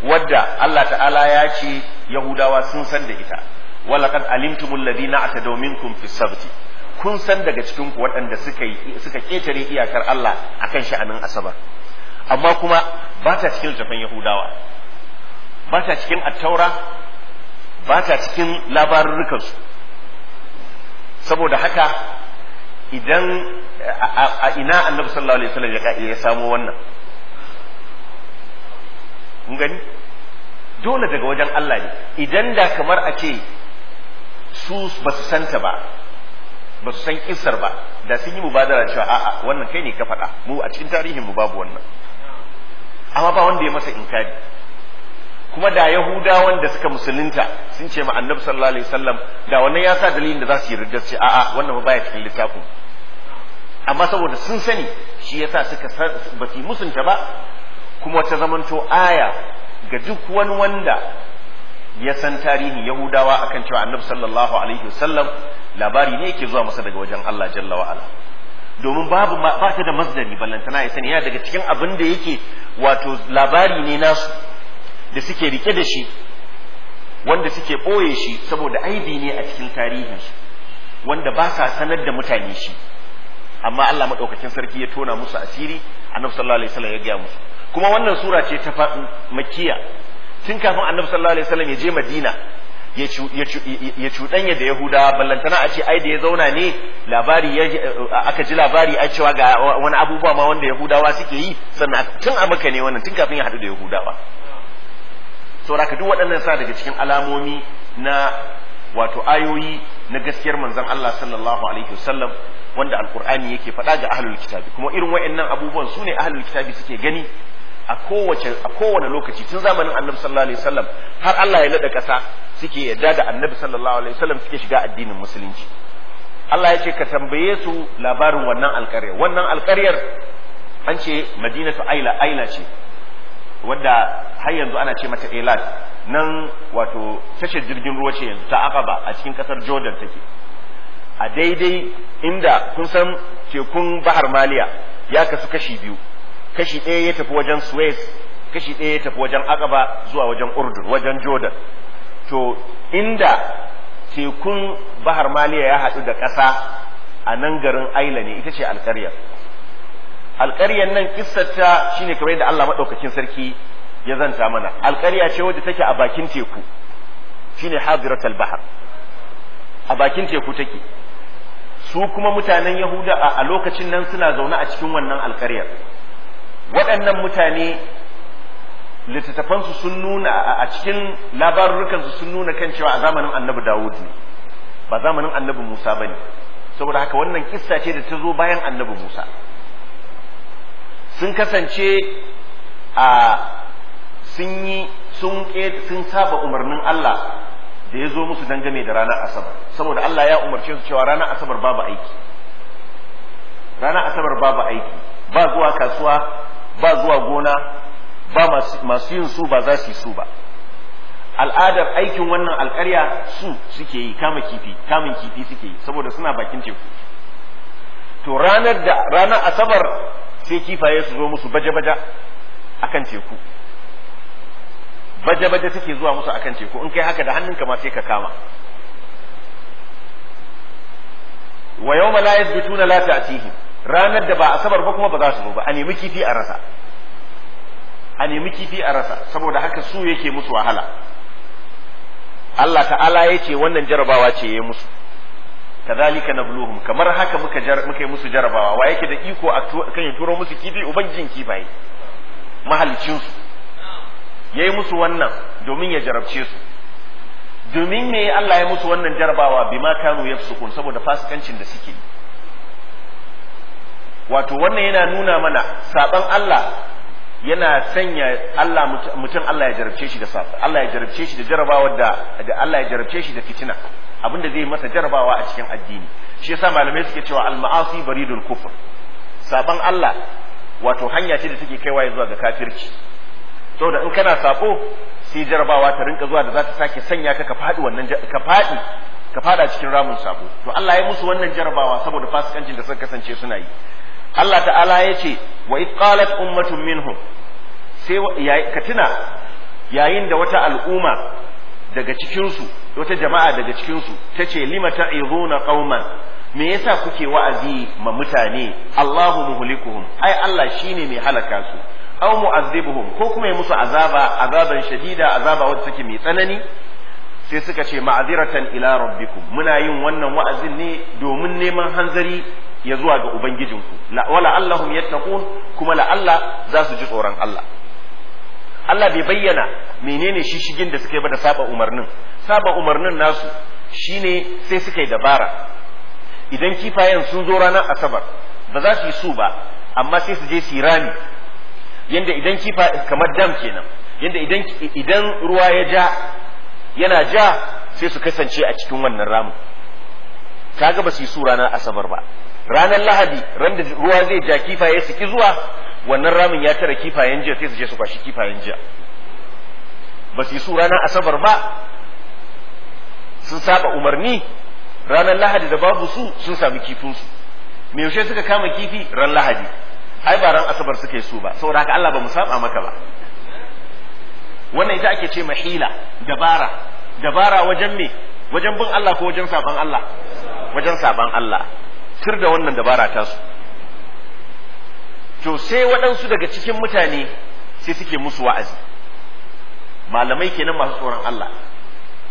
wadda Allah ta'ala ya ce Yahudawa sun san da ita walaqad alimtumul ladina atadaw minkum fi sabti kun san daga cikin ku waɗanda suka suka ketare iyakar Allah akan sha'anin asabar amma kuma ba ta cikin jafan Yahudawa ba ta cikin attaura ba ta cikin su saboda haka idan a ina annabi sallallahu alaihi wasallam ya samo wannan kun gani dole daga wajen Allah ne idan da kamar a ce su ba su santa ba ba su san kissar ba da sun yi mubadara cewa a'a wannan kai ne ka faɗa mu a cikin tarihin mu babu wannan amma ba wanda ya masa inkari kuma da yahudawan da suka musulunta sun ce ma annabi sallallahu alaihi wasallam da wannan ya sa dalilin da za su yi riddar ce a'a wannan baya cikin littafin amma saboda sun sani shi yasa suka ba su musunta ba kuma ta zamanto aya ga duk wani wanda ya san tarihin yahudawa akan cewa annabi sallallahu alaihi wasallam labari ne yake zuwa masa daga wajen Allah jalla wa domin babu ba ta da masdari ballantana ya sani ya daga cikin abin da yake wato labari ne nasu da suke rike da shi wanda suke ɓoye shi saboda aibi ne a cikin tarihin shi wanda ba sa sanar da mutane shi amma Allah madaukakin sarki ya tona musu asiri annabi sallallahu alaihi wasallam ya gaya musu kuma wannan sura ce ta makiya tun kafin annabi sallallahu alaihi wasallam ya je madina ya cuɗanya da yahuda ballantana a ce ai da ya zauna ne labari aka ji labari a cewa ga wani abubuwa ma wanda yahudawa suke yi sannan tun a maka ne wannan tun kafin ya haɗu da yahudawa sauraka duk waɗannan sa daga cikin alamomi na wato ayoyi na gaskiyar manzon Allah sallallahu alaihi wasallam wanda alkur'ani yake faɗa ga ahlul kitabi kuma irin nan abubuwan su ne ahlul kitabi suke gani a kowace a kowane lokaci tun zamanin annabi sallallahu alaihi wasallam har Allah ya nada kasa suke yarda da annabi sallallahu alaihi wasallam suke shiga addinin musulunci Allah ya ce ka tambaye su labarin wannan alƙarya wannan alƙaryar an ce madinatu aila aila ce wadda har yanzu ana ce mata elad nan wato tashar jirgin ruwa ce yanzu ta aqaba a cikin kasar jordan take a daidai inda kun san tekun bahar maliya ya kasu kashi biyu kashi ɗaya ya tafi wajen Suez kashi ɗaya ya tafi wajen Aqaba zuwa wajen Urdun wajen Jordan to inda tekun Bahar Maliya ya haɗu da ƙasa a nan garin Aila ne ita ce alƙaryar alƙaryar nan shi shine kamar yadda Allah maɗaukakin sarki ya zanta mana alƙarya ce wadda take a bakin teku shine hadiratul bahar a bakin teku take su kuma mutanen yahuda a lokacin nan suna zaune a cikin wannan alƙaryar waɗannan mutane littattafansu sun nuna a cikin labarurrukansu sun nuna kan cewa a zamanin annabi dawud ne ba zamanin annabi musa ba ne saboda haka wannan kissa ce da ta zo bayan annabi musa sun kasance a sun yi sun saba umarnin allah da ya zo musu dangane da ranar asabar saboda allah ya umarce su cewa ranar asabar babu aiki ranar asabar babu aiki ba zuwa kasuwa ba zuwa gona ba masu yin su ba za su yi su ba al'adar aikin wannan alƙarya su suke yi kama kifi kamun kifi suke yi saboda suna bakin teku to ranar da ranar asabar sai kifaye su zo musu baje-baje akan teku baje-baje suke zuwa musu akan teku in kai haka da hannunka ma sai ka kama wa yawma la yasbituna la ta'tihim ranar da ba a asabar ba kuma ba za su zo ba a nemi kifi a rasa a nemi kifi a rasa saboda haka su yake musu wahala Allah ta'ala ya ce wannan jarabawa ce ya musu kazalika nabluhum kamar haka muka muka yi musu jarabawa wa yake da iko a kan ya turo musu kifi ubangijin kifaye mahalicin su yayi musu wannan domin ya jarabce su domin me Allah ya musu wannan jarabawa bima kanu yafsukun saboda fasikancin da suke yi wato wannan yana nuna mana saban Allah yana sanya Allah mutum Allah ya jarabce shi da saban Allah ya jarabce shi da jarabawa da Allah ya jarabce shi da fitina abinda zai masa jarabawa a cikin addini shi yasa malamai suke cewa al-ma'asi baridul kufr saban Allah wato hanya ce da take kaiwa zuwa ga kafirci saboda in kana sako sai jarabawa ta rinka zuwa da za ta sake sanya ka ka faɗi wannan ka faɗi ka fada cikin ramin sabo to Allah ya musu wannan jarabawa saboda fasikancin da suka kasance suna yi Allah ta'ala ya ce wa idh qalat ummatun minhum sai ka tuna yayin da wata al'umma daga cikinsu wata jama'a daga cikinsu ta ce lima ta'izuna qauman me yasa kuke wa'azi ma mutane Allahu muhlikuhum ai Allah shine mai halaka su aw mu'azzibuhum ko kuma ya musu azaba azaban shadida azaba wacce take mai tsanani sai suka ce ma'aziratan ila rabbikum muna yin wannan wa'azin ne domin neman hanzari ya zuwa ga ubangijinku wala allahum yattaqun kuma la Allah za su ji tsoron Allah Allah bai bayyana menene shishigin da suka yi ba da saba umarnin saba umarnin nasu shine sai suka yi dabara idan kifayen sun zo ranar asabar ba za su yi su ba amma sai su je su rami yanda idan kifa kamar dam kenan yanda idan idan ruwa ya ja yana ja sai su kasance a cikin wannan ramin kaga ba su yi su ranar asabar ba ranar lahadi ran da ruwa zai ja kifaye su ki zuwa wannan ramin ya tara kifayen jiya sai su je su kwashi kifayen jiya ba su yi su ranar asabar ba sun saba umarni ranar lahadi da babu su sun sami kifinsu me yaushe suka kama kifi ran lahadi ai ba ran asabar suka yi su ba saboda haka Allah ba mu saba maka ba wannan ita ake ce mahila dabara dabara wajen me wajen bin Allah ko wajen saban Allah wajen saban Allah sir da wannan dabara ta su to sai waɗansu daga cikin mutane sai suke musu wa'azi malamai kenan masu tsoron Allah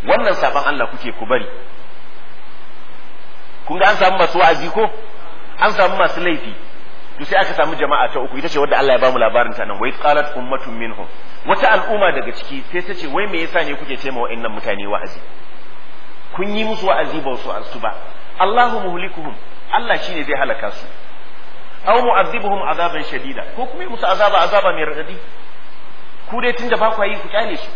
wannan saban Allah kuke ku bari kun ga an samu masu wa'azi ko an samu masu laifi to sai aka samu jama'a ta uku ita ce wadda Allah ya bamu labarin ta nan wai qalat ummatun minhum wata al'umma daga ciki sai ta ce wai me yasa ne kuke ce ma wa'annan mutane wa'azi kun yi musu wa'azi ba su arsu ba Allahu muhlikuhum Allah shine zai halaka su aw mu'azzibuhum azaban shadida ko kuma musu azaba azaba mai radadi ku dai tunda ba ku yi ku kyale su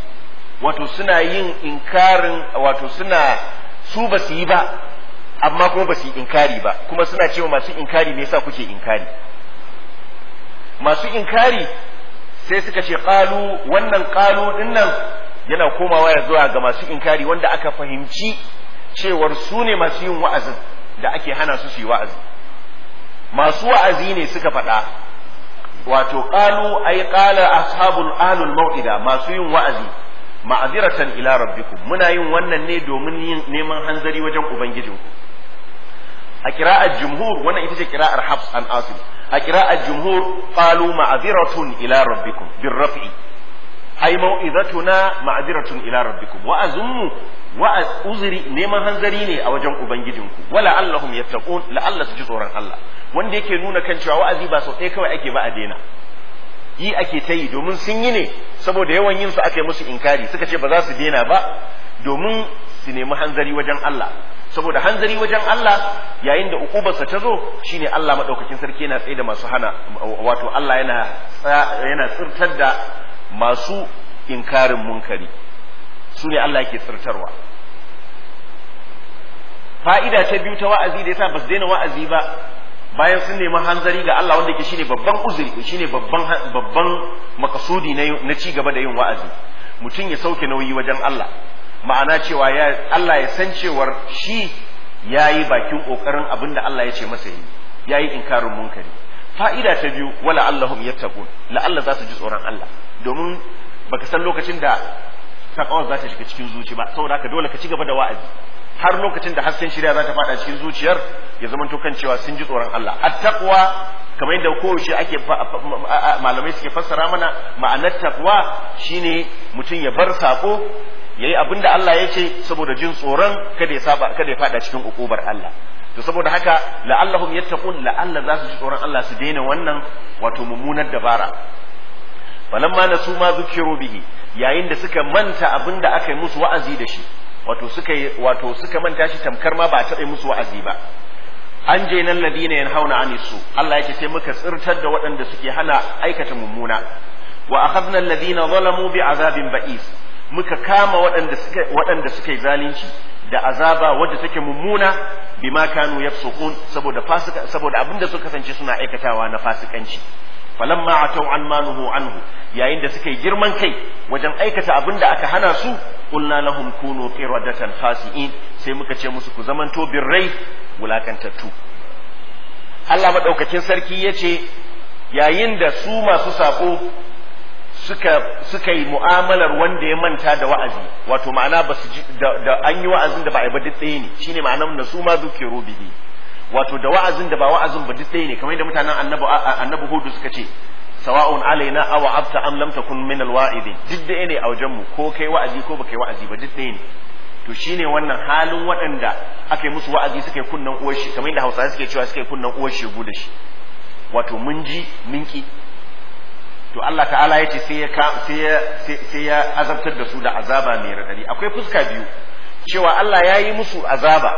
wato suna yin inkarin wato suna su ba su yi ba amma kuma ba su yi inkari ba kuma suna cewa masu inkari me yasa kuke inkari masu inkari sai suka ce ƙalu wannan ƙalu dinnan yana komawa ya zuwa ga masu inkari wanda aka fahimci cewar su ne masu yin wa'azin da ake hana su su yi wa'azi masu wa'azi ne suka faɗa wato qalu ay qala ashabul alul mau'ida masu yin wa'azi ma'aziratan ila rabbikum muna yin wannan ne domin neman hanzari wajen ubangijinku a kira'ar jumhur wannan ita ce kira'ar hafs an asim a kira'ar jumhur qalu ma'ziratun ila rabbikum bir raf'i ai mau'izatuna ma'ziratun ila rabbikum wa'azinmu wa'az uzuri neman hanzari ne a wajen ubangijinku wala allahum yattaqun la Allah su ji tsoron Allah wanda yake nuna kan cewa wa'azi ba sau ɗaya kawai ake ba a daina yi ake ta yi domin sun yi ne saboda yawan yin su aka yi musu inkari suka ce ba za su daina ba domin su nemi hanzari wajen Allah saboda hanzari wajen Allah yayin da ukubarsa ta zo shine Allah madaukakin sarki yana tsaye da masu hana wato Allah yana yana tsirtar da masu inkarin munkari su ne Allah yake tsirtarwa fa'ida ta biyu ta wa'azi da yasa ba su daina wa'azi ba bayan sun nemi hanzari ga Allah wanda ke shine babban uzuri shine babban babban makasudi na ci gaba da yin wa'azi mutum ya sauke nauyi wajen Allah ma'ana cewa ya Allah ya san cewar shi yayi bakin kokarin abin da Allah ya ce masa yi yayi inkarin munkari fa'ida ta biyu wala allahum yattaqun la Allah za su ji tsoron Allah domin baka san lokacin da takawar za ta shiga cikin zuci ba saboda haka dole ka ci gaba da wa'azi har lokacin da hasken shirya za ta fada cikin zuciyar ya zama kan cewa sun ji tsoron Allah at-taqwa kamar yadda kowace ake malamai suke fassara mana ma'anar taqwa shine mutum ya bar sako yayi abin da Allah ya ce saboda jin tsoron kada ya saba kada ya fada cikin ukubar Allah to saboda haka la'allahum yattaqun la'alla za su ji tsoron Allah su daina wannan wato mummunar dabara falamma nasu ma zukiru bihi yayin da suka manta abin da aka yi musu wa'azi da shi wato suka wato suka manta shi tamkar ma ba ta taɓa musu wa'azi ba an je nan ladina yanhauna anisu Allah yake sai muka tsirtar da waɗanda suke hana aikata mummuna wa akhadna alladhina zalamu bi azabin ba'is muka kama waɗanda suka yi zalunci da azaba wadda take mummuna ma kanu yafsukun saboda fasika saboda abinda suka kasance suna aikatawa na fasikanci falamma atau an manuhu anhu yayin da suka yi girman kai wajen aikata abinda aka hana su qulna lahum kunu qiradatan fasi'in sai muka ce musu ku zamanto birrai wulakantattu Allah madaukakin sarki yace yayin da su masu sako suka yi mu'amalar wanda ya manta da wa'azi wato ma'ana ba su da an yi wa'azin da ba a ba tsaye ne shine ma'ana na su ma zukiru bihi wato da wa'azin da ba wa'azin ba duk ɗaya ne kamar yadda mutanen annabi annabi hudu suka ce sawa'un alaina aw abta am lam takun min alwa'idin duk da ne a wajen mu ko kai wa'azi ko ba kai wa'azi ba duk ɗaya ne to shine wannan halin waɗanda aka yi musu wa'azi suka yi kunnan uwar shi kamar yadda Hausawa suke cewa suka yi kunnan uwar shegu da shi wato mun ji mun ki to Allah ta'ala ya ce sai ya azabtar da su da azaba mai radari akwai fuska biyu cewa Allah ya yi musu azaba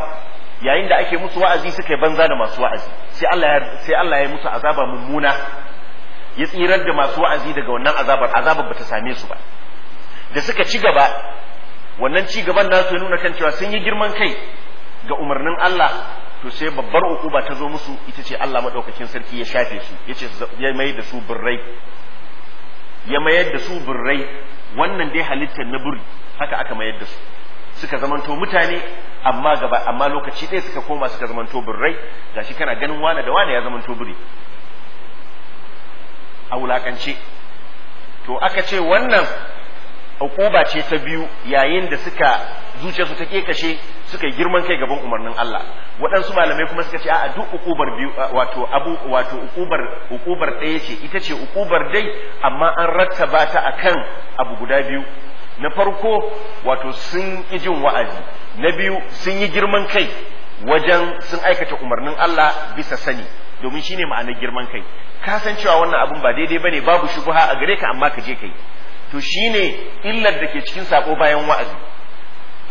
yayin da ake musu wa'azi suka yi banza da masu wa'azi sai Allah ya yi musu azaba mummuna ya tsirar da masu wa'azi daga wannan azabar azabar ta same su ba da suka ci gaba wannan ci gaban nasu ya nuna kan cewa sun yi girman kai ga umarnin Allah to sai babbar ukuba ta zo musu ita ce Allah madaukakin sarki ya shafe su yace ya mai da su birrai ya mayar da su birrai wannan dai halittar na buri haka aka mayar da su suka zamanto mutane amma gaba amma lokaci ɗaya suka koma suka zamanto birrai gashi kana ganin wane da wane ya zamanto buri a wulakance to aka ce wannan uquba ce ta biyu yayin da suka su ta kekashe suka yi girman kai gaban umarnin Allah waɗansu malamai kuma suka ce a duk uqubar biyu wato abu wato uqubar uqubar ɗaya ce ita ce uqubar dai amma an rattaba ta akan abu guda biyu na farko wato sun ƙi jin wa'azi na biyu sun yi girman kai wajen sun aikata umarnin Allah bisa sani domin shine ma'anar girman kai ka san cewa wannan abun ba daidai bane babu shubuha a gare ka amma ka je kai to shi ne illar da ke cikin sako bayan wa'azi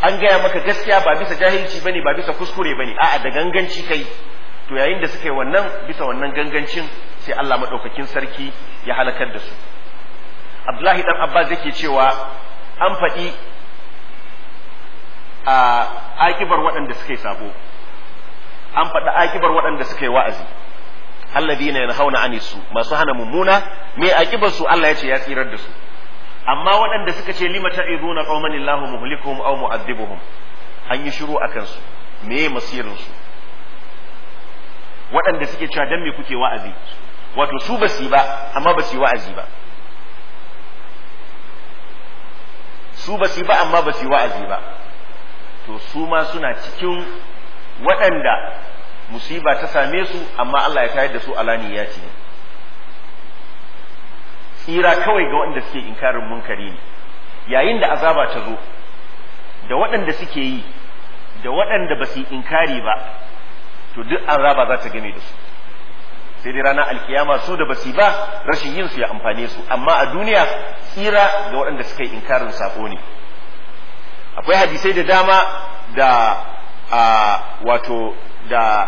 an gaya maka gaskiya ba bisa jahilci ba ne ba bisa kuskure ba ne a'a da ganganci kai to yayin da suka yi wannan bisa wannan gangancin sai Allah maɗaukakin sarki ya halakar da su Abdullahi dan Abbas yake cewa an faɗi a akibar waɗanda suka yi sabo an faɗi akibar waɗanda suka yi wa'azi alladhina yanhauna anis su masu hana mummuna me akibar Allah ya ce ya tsirar da su amma waɗanda suka ce lima ta ta'iduna qauman illahu muhlikuhum aw mu'adhibuhum an yi shiru akan su ye masirin su waɗanda suke cewa dan me kuke wa'azi wato su basi ba amma basi wa'azi ba su basi ba amma basi wa'azi ba to su ma suna cikin waɗanda musiba ta same su amma Allah ya tayar da su ya ce tsira kawai ga waɗanda suke inkarin munkari ne yayin da azaba ta zo da waɗanda suke yi da waɗanda ba su inkari ba to duk azaba za ta game da su sai dai ranar alkiyama su da basi ba rashin yin su ya amfane su amma a duniya tsira ga waɗanda suka yi inkarin sako ne akwai hadisai da dama da a wato da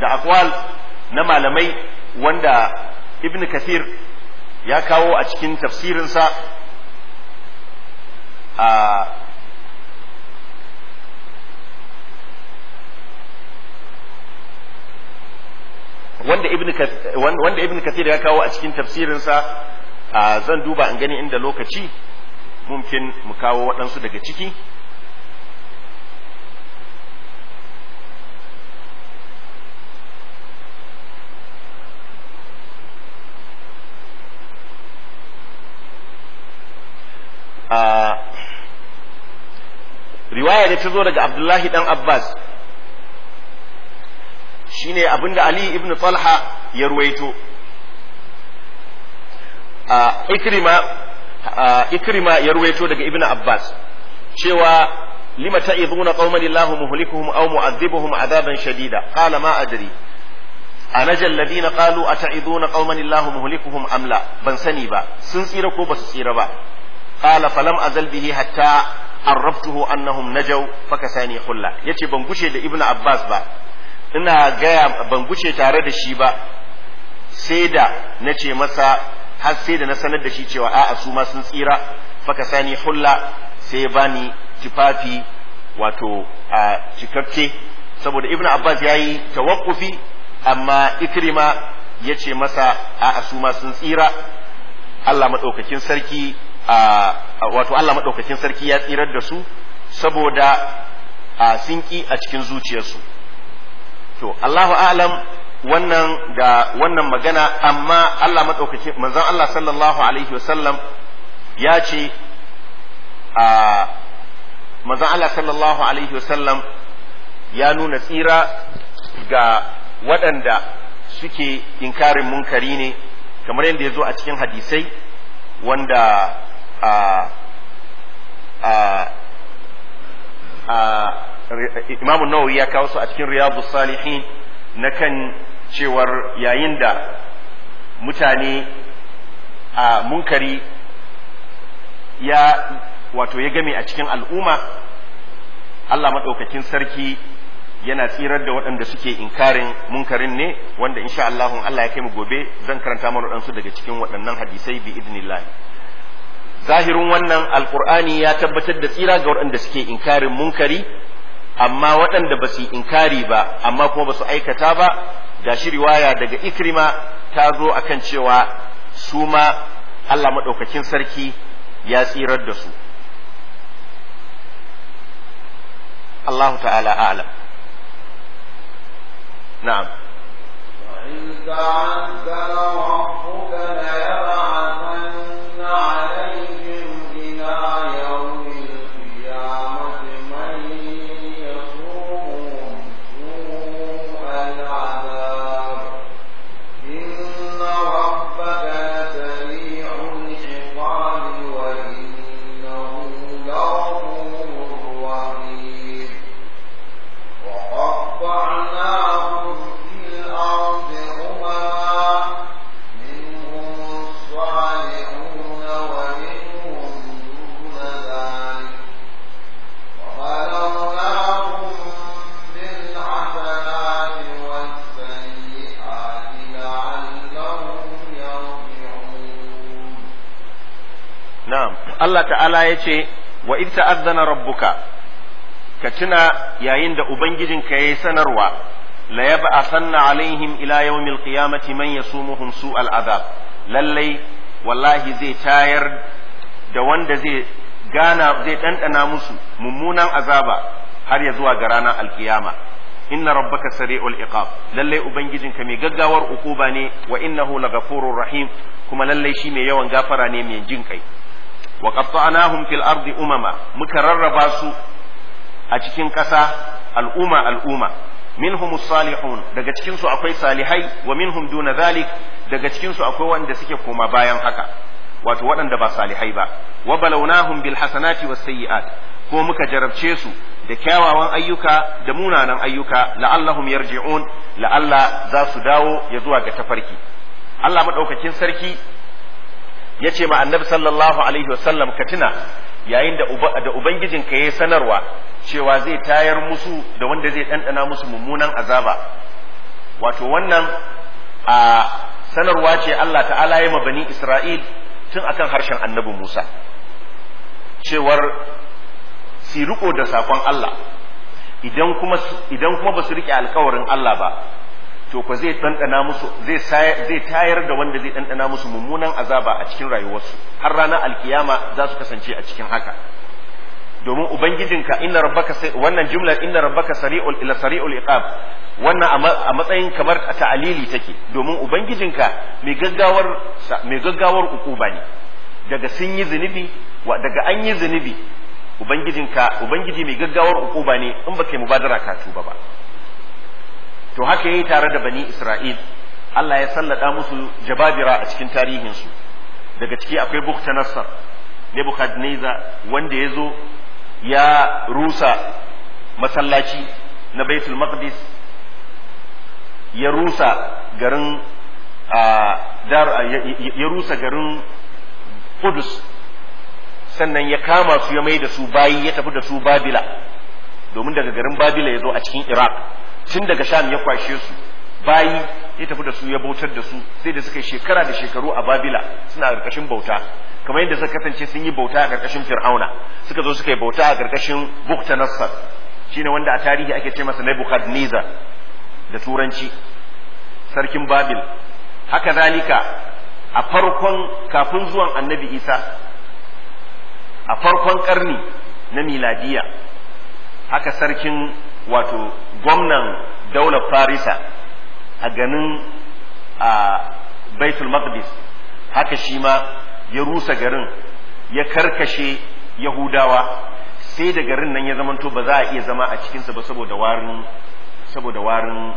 da akwal na malamai wanda ibnu kathir ya kawo a cikin tafsirinsa a wanda ibn kathir ya kawo a cikin tafsirinsa zan duba in gani inda lokaci mumkin mu kawo waɗansu daga ciki riwaya da ta zo daga abdullahi dan abbas shine abinda ali ibn talha ya ruwaito a ikrima ikrima ya ruwaito daga ibn abbas cewa lima ta'izuna qauman illahu muhlikuhum aw mu'adhibuhum adaban shadida qala ma adri أنجى الذين قالوا أتعظون قوما الله مهلكهم amla ban sani ba sun tsira ko ba su tsira ba. qala falam azal bihi hatta arrabtuhu annahum najaw fakasani hulla yace ban gushe da ibnu abbas ba ina gaya ban gushe tare da shi ba sai da nace masa har sai da na sanar da shi cewa a'a su ma sun tsira fakasani hulla sai bani tifafi wato a cikakke saboda ibnu abbas yayi tawaqqufi amma ikrima yace masa a'a su ma sun tsira Allah madaukakin sarki wato Allah maɗaukakin sarki ya tsirar da su saboda sun ƙi a cikin zuciyarsu to Allahu alam wannan da wannan magana amma Allah maɗaukakin manzon Allah sallallahu alaihi wasallam ya ce a manzon Allah sallallahu alaihi wasallam ya nuna tsira ga waɗanda suke inkarin munkari ne kamar yadda ya zo a cikin hadisai wanda a a imamu nawawi ya kawo su a cikin riyadu salihin na kan cewar yayin da mutane a munkari ya wato ya game a cikin al'umma Allah maɗaukakin sarki yana tsirar da waɗanda suke inkarin munkarin ne wanda insha Allah Allah ya kai mu gobe zan karanta mana waɗansu daga cikin waɗannan hadisai bi idnillah zahirin wannan alkur'ani ya tabbatar da tsira ga waɗanda suke inkarin munkari amma waɗanda ba su inkari ba amma kuma ba su aikata ba ga shi riwaya daga ikrima ta zo akan cewa su ma Allah maɗaukakin sarki ya tsirar da su Allah ta'ala ala na'am عليهم إلى يوم ya ce wa ita ta'azzana rabbuka ka tuna yayin da ubangijinka yayi sanarwa la yab'athanna alaihim ila yawmil qiyamati man yasumuhum su'al azab lallai wallahi zai tayar da wanda zai gana zai dandana musu mummunan azaba har ya zuwa ga ranar alkiyama inna rabbaka sari'ul iqab lallai ubangijinka mai gaggawar ukuba ne wa innahu laghafurur rahim kuma lallai shi mai yawan gafara ne mai jin kai wa qatta'nahum fil arzi umama muka rarraba su a cikin ƙasa al'uma-al'uma al'umma minhum salihun daga cikin su akwai salihai wa minhum duna zalik daga cikin su akwai wanda suke koma bayan haka wato waɗanda ba salihai ba wa balawnahum bil hasanati was sayyi'at ko muka jarabce su da kyawawan ayyuka da munanan ayyuka la'allahum yarji'un la'alla za su dawo ya zuwa ga tafarki Allah maɗaukacin sarki ya ce ma annabi sallallahu alaihi wasallam ka tuna yayin da ubangijin ka yi sanarwa cewa zai tayar musu da wanda zai ɗanɗana musu mummunan azaba wato wannan a sanarwa ce Allah ta'ala ya ma bani Isra'il tun akan harshen annabi Musa cewar si riko da sakon Allah idan kuma idan kuma ba su rike alkawarin Allah ba to ko zai ɗanɗana musu zai tayar da wanda zai ɗanɗana musu mummunan azaba a cikin rayuwarsu har ranar alkiyama za su kasance a cikin haka domin ubangijinka inna rabbaka wannan jumla inna rabbaka sari'ul ila sari'ul iqab wannan a matsayin kamar ta'alili take domin ubangijinka mai gaggawar mai gaggawar ukuba ne daga sun yi zunubi daga an yi zunubi ubangijinka ubangiji mai gaggawar ukuba ne in baka yi mubadara ka tuba ba to haka yayi tare da bani isra'il Allah ya sallada musu jababira a cikin tarihinsu daga ciki akwai bukta nassar nebukadneza wanda ya zo ya rusa masallaci na baitul maqdis ya rusa garin ya rusa garin kudus sannan ya kama su ya mai da su bayi ya tafi da su babila domin daga garin babila ya zo a cikin iraq tun daga sham ya kwashe su bayi ya tafi da su ya bautar da su sai da suka shekara da shekaru a babila suna a ƙarƙashin bauta kamar yadda suka kasance sun yi bauta a ƙarƙashin fir'auna suka zo suka yi bauta a ƙarƙashin bukta nassar shine wanda a tarihi ake ce masa nebuchadnezzar da turanci sarkin babil haka zalika a farkon kafin zuwan annabi isa a farkon karni na miladiya haka sarkin wato gwamnan daular farisa a ganin a baitul maqdis haka shi ma ya rusa garin ya karkashe yahudawa sai da garin nan ya zamanto ba za a iya zama a cikinsa ba saboda warin saboda warin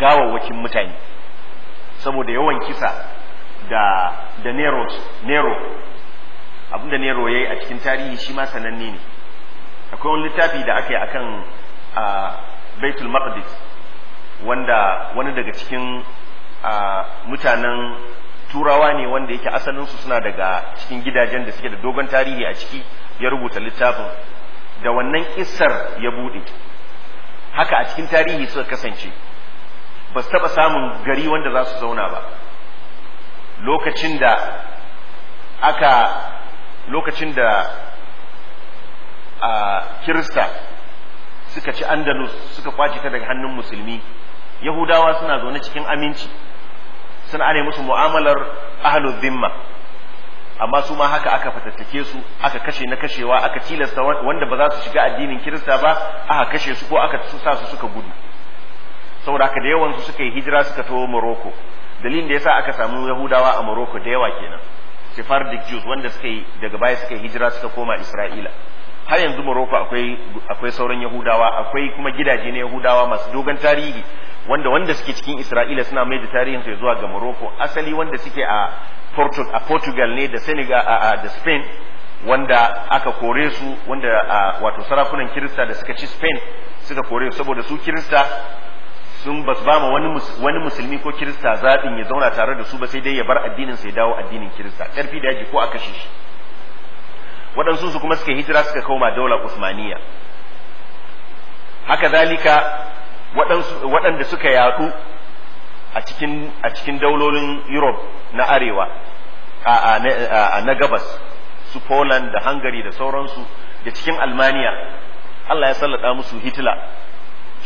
gawawakin mutane saboda yawan kisa da da nero nero abinda nero ya yi a cikin tarihi shi ma sananne ne akwai wani littafi da aka yi a a baitul maqdis wanda wani daga cikin mutanen turawa ne wanda yake asalinsu suna daga cikin gidajen da suke da dogon tarihi a ciki ya rubuta littafin da wannan isar ya bude. haka a cikin tarihi suka kasance ba su taɓa samun gari wanda za su zauna ba lokacin da aka lokacin da a kirista suka ci andalus suka kwace ta daga hannun musulmi yahudawa suna zaune cikin aminci suna ne musu mu'amalar ahlul zimma amma su ma haka aka fatattake su aka kashe na kashewa aka tilasta wanda ba za su shiga addinin kirista ba aka kashe su ko aka sa su suka gudu saboda haka da yawan su suka yi hijira suka taho Morocco dalilin da yasa aka samu Yahudawa a Morocco da yawa kenan Sephardic Jews wanda suka yi daga baya suka yi hijira suka koma Isra'ila har yanzu Morocco akwai akwai sauran Yahudawa akwai kuma gidaje na Yahudawa masu dogon tarihi wanda wanda suke cikin Isra'ila suna mai da tarihin su zuwa ga Morocco asali wanda suke a Portugal a Portugal ne da Senegal a, da Spain wanda aka kore su wanda wato sarakunan Kirista da suka ci Spain suka kore su saboda su Kirista sun ba su ba wani wani musulmi ko Kirista zaɓin ya zauna tare da su ba sai dai ya bar addinin sai dawo addinin Kirista ƙarfi da yaji ko aka kashe shi waɗansu su kuma suka hijira suka koma daular usmaniya haka zalika waɗanda suka yaɗu a cikin daulolin europe na arewa na gabas su poland da hungary da sauransu da cikin almaniya allah ya sallada musu hitler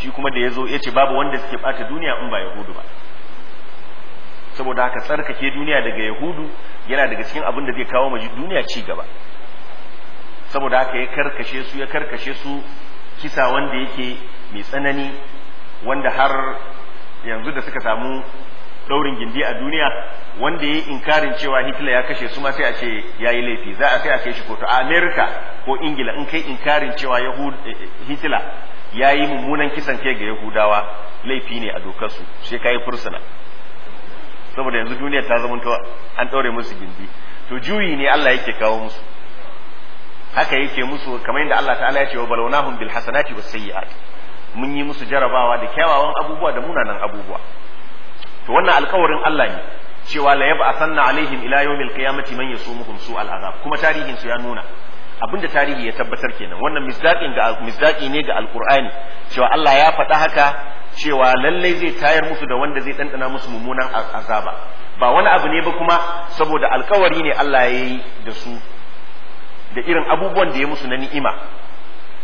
shi kuma da ya zo ya ce babu wanda suke ɓata duniya in ba yahudu ba saboda haka tsarkake duniya daga yahudu yana daga cikin abin da zai kawo mai duniya ci gaba saboda haka ya karkashe su ya karkashe su kisa wanda yake mai tsanani wanda har yanzu da suka samu daurin gindi a duniya wanda ya inkarin cewa hitler ya kashe su ma sai a ce ya yi laifi za a sai a kai shi kotu a america ko ingila in kai inkarin cewa eh, eh, hitler ya yi mummunan kisan kai ga yahudawa laifi ne a dokar su. sai ka fursuna saboda yanzu duniya ta zama an ɗaure musu gindi to juyi ne allah yake kawo musu haka yake musu kamar yadda Allah ta'ala ya ce wa balawnahum bil hasanati was sayyi'at mun yi musu jarabawa da kyawawan abubuwa da munanan abubuwa to wannan alƙawarin Allah ne cewa la yab'athanna alaihim ila yawmil qiyamati man yasumuhum su'al azab kuma tarihin su ya nuna abinda tarihi ya tabbatar kenan wannan misdaqin ga misdaqi ne ga alqur'ani cewa Allah ya faɗa haka cewa lallai zai tayar musu da wanda zai ɗanɗana musu mummunan azaba ba wani abu ne ba kuma saboda alkawari ne Allah ya yi da su da irin abubuwan da ya musu na ni'ima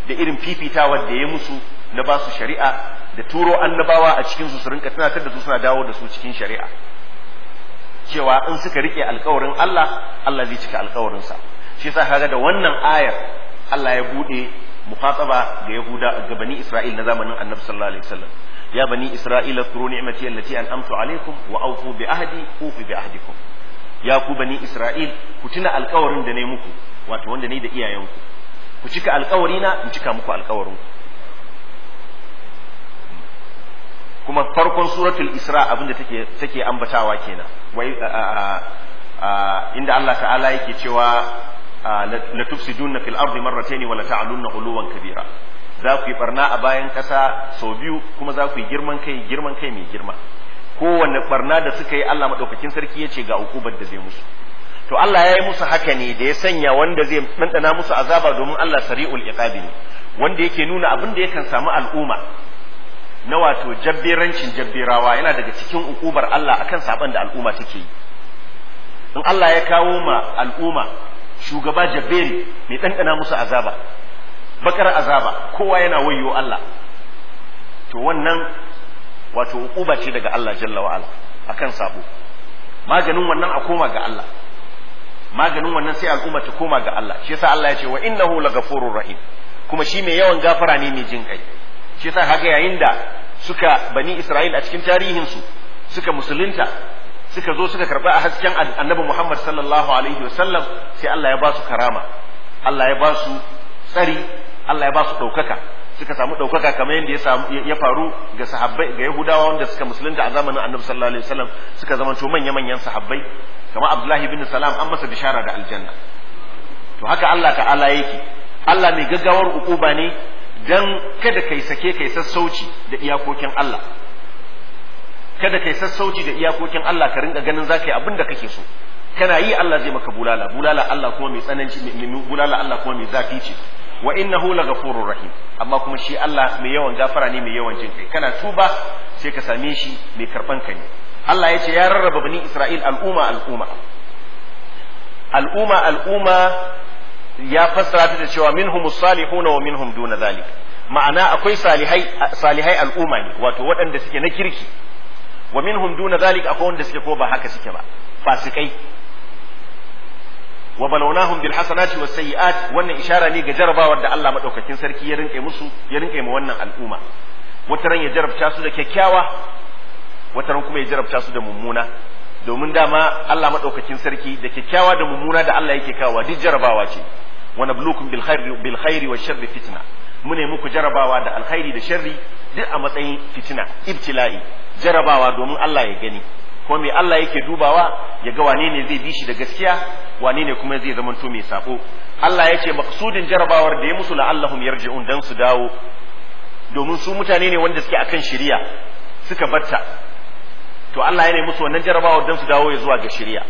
da irin fifitawar da ya musu na ba su shari'a da turo annabawa a cikin su rinka tunatar da su suna dawo da su cikin shari'a cewa in suka rike alkawarin Allah Allah zai cika alkawarinsa shi yasa kaga da wannan ayar Allah ya bude muqataba ga Yahuda ga bani Isra'il na zamanin Annabi sallallahu alaihi wasallam ya bani Isra'ila kuru ni'mati allati an'amtu alaikum wa awfu bi ahdi ufi bi ahdikum ya ku bani Isra'il ku tuna alkawarin da ne muku wato wanda ni da iyayenku ku cika alkawari na in cika muku alkawarin kuma farkon suratul isra abinda take take ambatawa kenan wai inda Allah ta'ala yake cewa la tufsiduna fil ardi marratayn wa la ta'lunna uluwan kabira za ku yi barna a bayan kasa sau biyu kuma za ku yi girman kai girman kai mai girma kowanne barna da suka yi Allah madaukakin sarki ya ce ga ukubar da zai musu to Allah ya yi musu haka ne da ya sanya wanda zai ɗanɗana musu azaba domin Allah sari'ul iqabi ne wanda yake nuna abin da yakan samu al'umma na wato jabberancin jabberawa yana daga cikin ukubar Allah akan saban da al'umma take yi in Allah ya kawo ma al'umma shugaba jabberi mai ɗanɗana musu azaba bakar azaba kowa yana wayo Allah to wannan wato ukuba ce daga Allah jalla wa'ala akan sabo maganin wannan a koma ga Allah maganin wannan sai al'umma ta koma ga Allah shi yasa Allah ya ce wa innahu lagafurur rahim kuma shi mai yawan gafara ne mai jin kai shi yasa kaga yayin da suka bani Isra'il a cikin tarihin su suka musulunta suka zo suka karba a hasken annabi Muhammad sallallahu alaihi wasallam sai Allah ya ba su karama Allah ya ba su tsari Allah ya ba su ɗaukaka suka samu ɗaukaka kamar yadda ya faru ga sahabbai ga yahudawa wanda suka musulunta a zamanin annabi sallallahu alaihi wasallam suka zamanto manya-manyan sahabbai kamar abdullahi bin salam an masa bishara da aljanna to haka allah ta'ala yake allah mai gaggawar ukuba ne dan kada kai sake kai sassauci da iyakokin allah kada kai sassauci da iyakokin allah ka ringa ganin zaka yi abin da kake so kana yi Allah zai maka bulala bulala Allah kuma mai tsananci bulala Allah kuma mai zafi ce wa innahu laghafurur rahim amma kuma shi Allah mai yawan gafara ne mai yawan jin kai kana tuba sai ka same shi mai karban ka ne Allah ya ce ya rarraba bani Isra'il al'umma al'umma al'umma al'umma ya fassara ta da cewa minhumus salihuna wa minhum duna zalik ma'ana akwai salihai salihai al'umma ne wato waɗanda suke na kirki wa minhum duna zalik akwai wanda suke ko ba haka suke ba fasikai wa balawnahum bil hasanati was sayyi'at wannan ishara ne ga jarabawar da Allah madaukakin sarki ya rinke musu ya rinke mu wannan al'umma wataran ya jarabta su da kyakkyawa wataran kuma ya jarabta su da mummuna domin dama Allah madaukakin sarki da kyakkyawa da mummuna da Allah yake kawa duk jarabawa ce wa nablukum bil khairi bil khairi sharri fitna mu ne muku jarabawa da alkhairi da sharri duk a matsayin fitina ibtila'i jarabawa domin Allah ya gani ko me Allah yake dubawa ya ga wane ne zai bi shi da gaskiya wane ne kuma zai zamanto mai sako. Allah ya ce jarabawar da ya musu la'allahum yarji'un dan su dawo domin su mutane ne wanda suke akan shiriya suka batta to Allah ya ne musu wannan jarabawar dan su dawo ya zuwa ga shiriya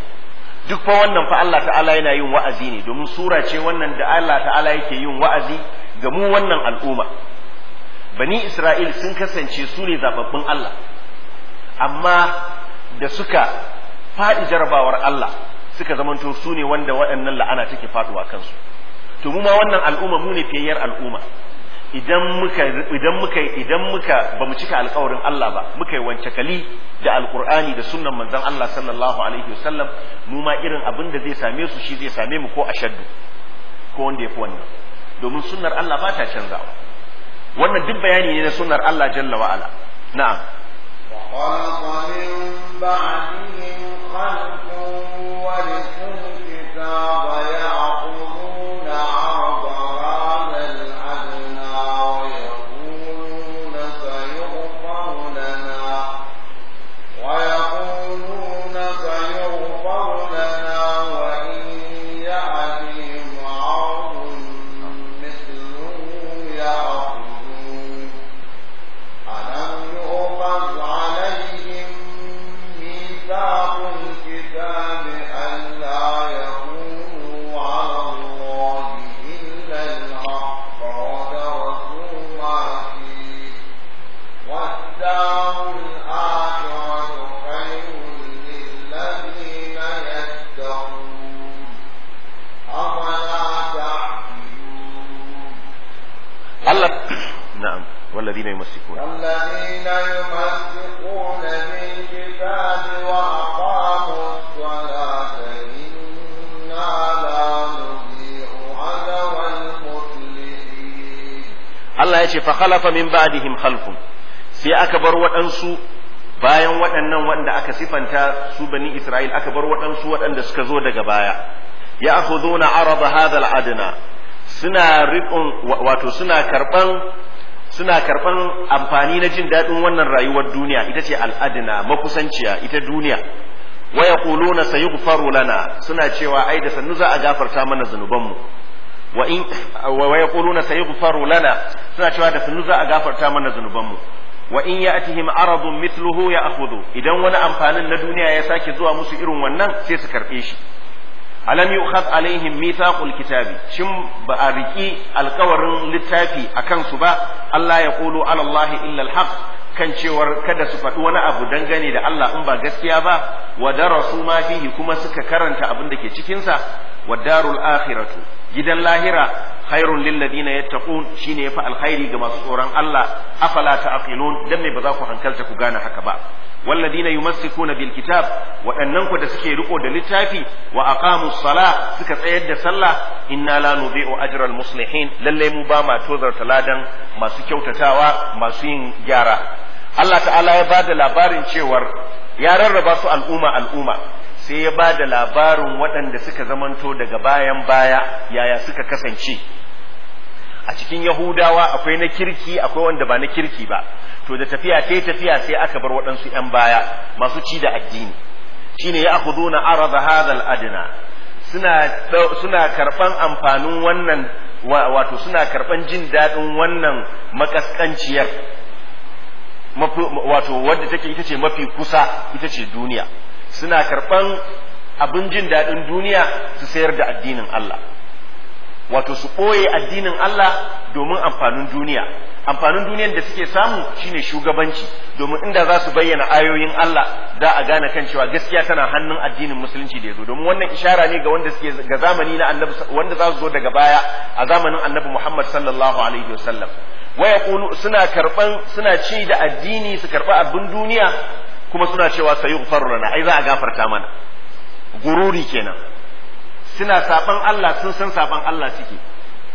duk fa wannan fa Allah ta'ala yana yin wa'azi ne domin sura ce wannan da Allah ta'ala yake yin wa'azi ga mu wannan al'umma bani Isra'il sun kasance su ne zababbun Allah amma da suka faɗi jarabawar Allah suka zamanto su ne wanda waɗannan la'ana take faɗuwa kansu to mu ma wannan al'umma mu ne fiyayyar al'umma idan muka idan muka idan muka bamu cika alƙawarin Allah ba muka yi wance kali da alƙur'ani da sunnan manzon Allah sallallahu alaihi wasallam mu ma irin abin da zai same su shi zai same mu ko ashaddu ko wanda yafi wannan domin sunnar Allah ba ta canzawa wannan duk bayani ne na sunnar Allah jalla wa ala na'am بعدهم خلف ورثوا الكتاب يأخذون الذين يمسكون الذين يمسكون بالكتاب وأقاموا الصلاة إنا لا نضيع أجر المسلمين الله يشي فخلف من بعدهم خلف sai aka bar waɗansu bayan waɗannan wanda aka sifanta su bani Isra'il aka bar waɗansu waɗanda suka zo daga baya ya akhuduna arada hadha al-adna suna riƙon wato suna karɓan suna karban amfani na jin daɗin wannan rayuwar duniya ita ce al'adina makusanciya ita duniya waya ƙuluna sayi gufaru lana suna cewa ai da sannu za a gafarta mana zunubanmu wa ya ƙuluna sayi gufaru lana suna cewa da sannu za a gafarta mana zunubanmu wa in ya aradun mitluhu ya idan wani amfanin na duniya ya sake zuwa musu irin wannan sai su karɓe shi alam yukhad alaihim mithaqul kitabi shin ba a riki alkawarin littafi akan su ba Allah ya qulu ala Allah illa alhaq kan cewar kada su faɗi wani abu dangane da Allah in ba gaskiya ba wa darasu ma fihi kuma suka karanta abin da ke cikin sa wa darul akhiratu gidan lahira khairun lil ladina yattaqun shine yafi alkhairi ga masu tsoron Allah afala ta'qilun dan me ba za ku hankalta ku gane haka ba والذين يمسكون بالكتاب waɗannan ku da suke riko da littafi wa aqamu sala suka tsayar da sallah inna la nudhi'u ajral muslihin lalle mu ba ma tozar taladan masu kyautatawa masu yin gyara Allah ta'ala ya bada labarin cewar ya rarraba su al'umma al'umma sai ya ba da labarin waɗanda suka zamanto daga bayan baya yaya suka kasance a cikin yahudawa akwai na kirki akwai wanda ba na kirki ba to da tafiya ta tafiya sai aka bar waɗansu 'yan baya masu ci da addini shine ya akhuduna arada hadal adna suna suna karban amfanin wannan wato suna karban jin daɗin wannan makaskanciyar wato wadda take ita ce mafi kusa ita ce duniya suna karɓan abin jin daɗin duniya su sayar da addinin Allah wato su ɓoye addinin Allah domin amfanin duniya amfanin duniyar da suke samu shine shugabanci domin inda za su bayyana ayoyin Allah za a gane kan cewa gaskiya tana hannun addinin musulunci da yazo domin wannan ishara ne ga wanda suke ga zamani na annabi wanda za su zo daga baya a zamanin annabi Muhammad sallallahu alaihi wasallam waya suna karban suna ci da addini su karba abin duniya kuma suna cewa sayughfaru lana ai za a gafarta mana gururi kenan suna saban Allah sun san saban Allah suke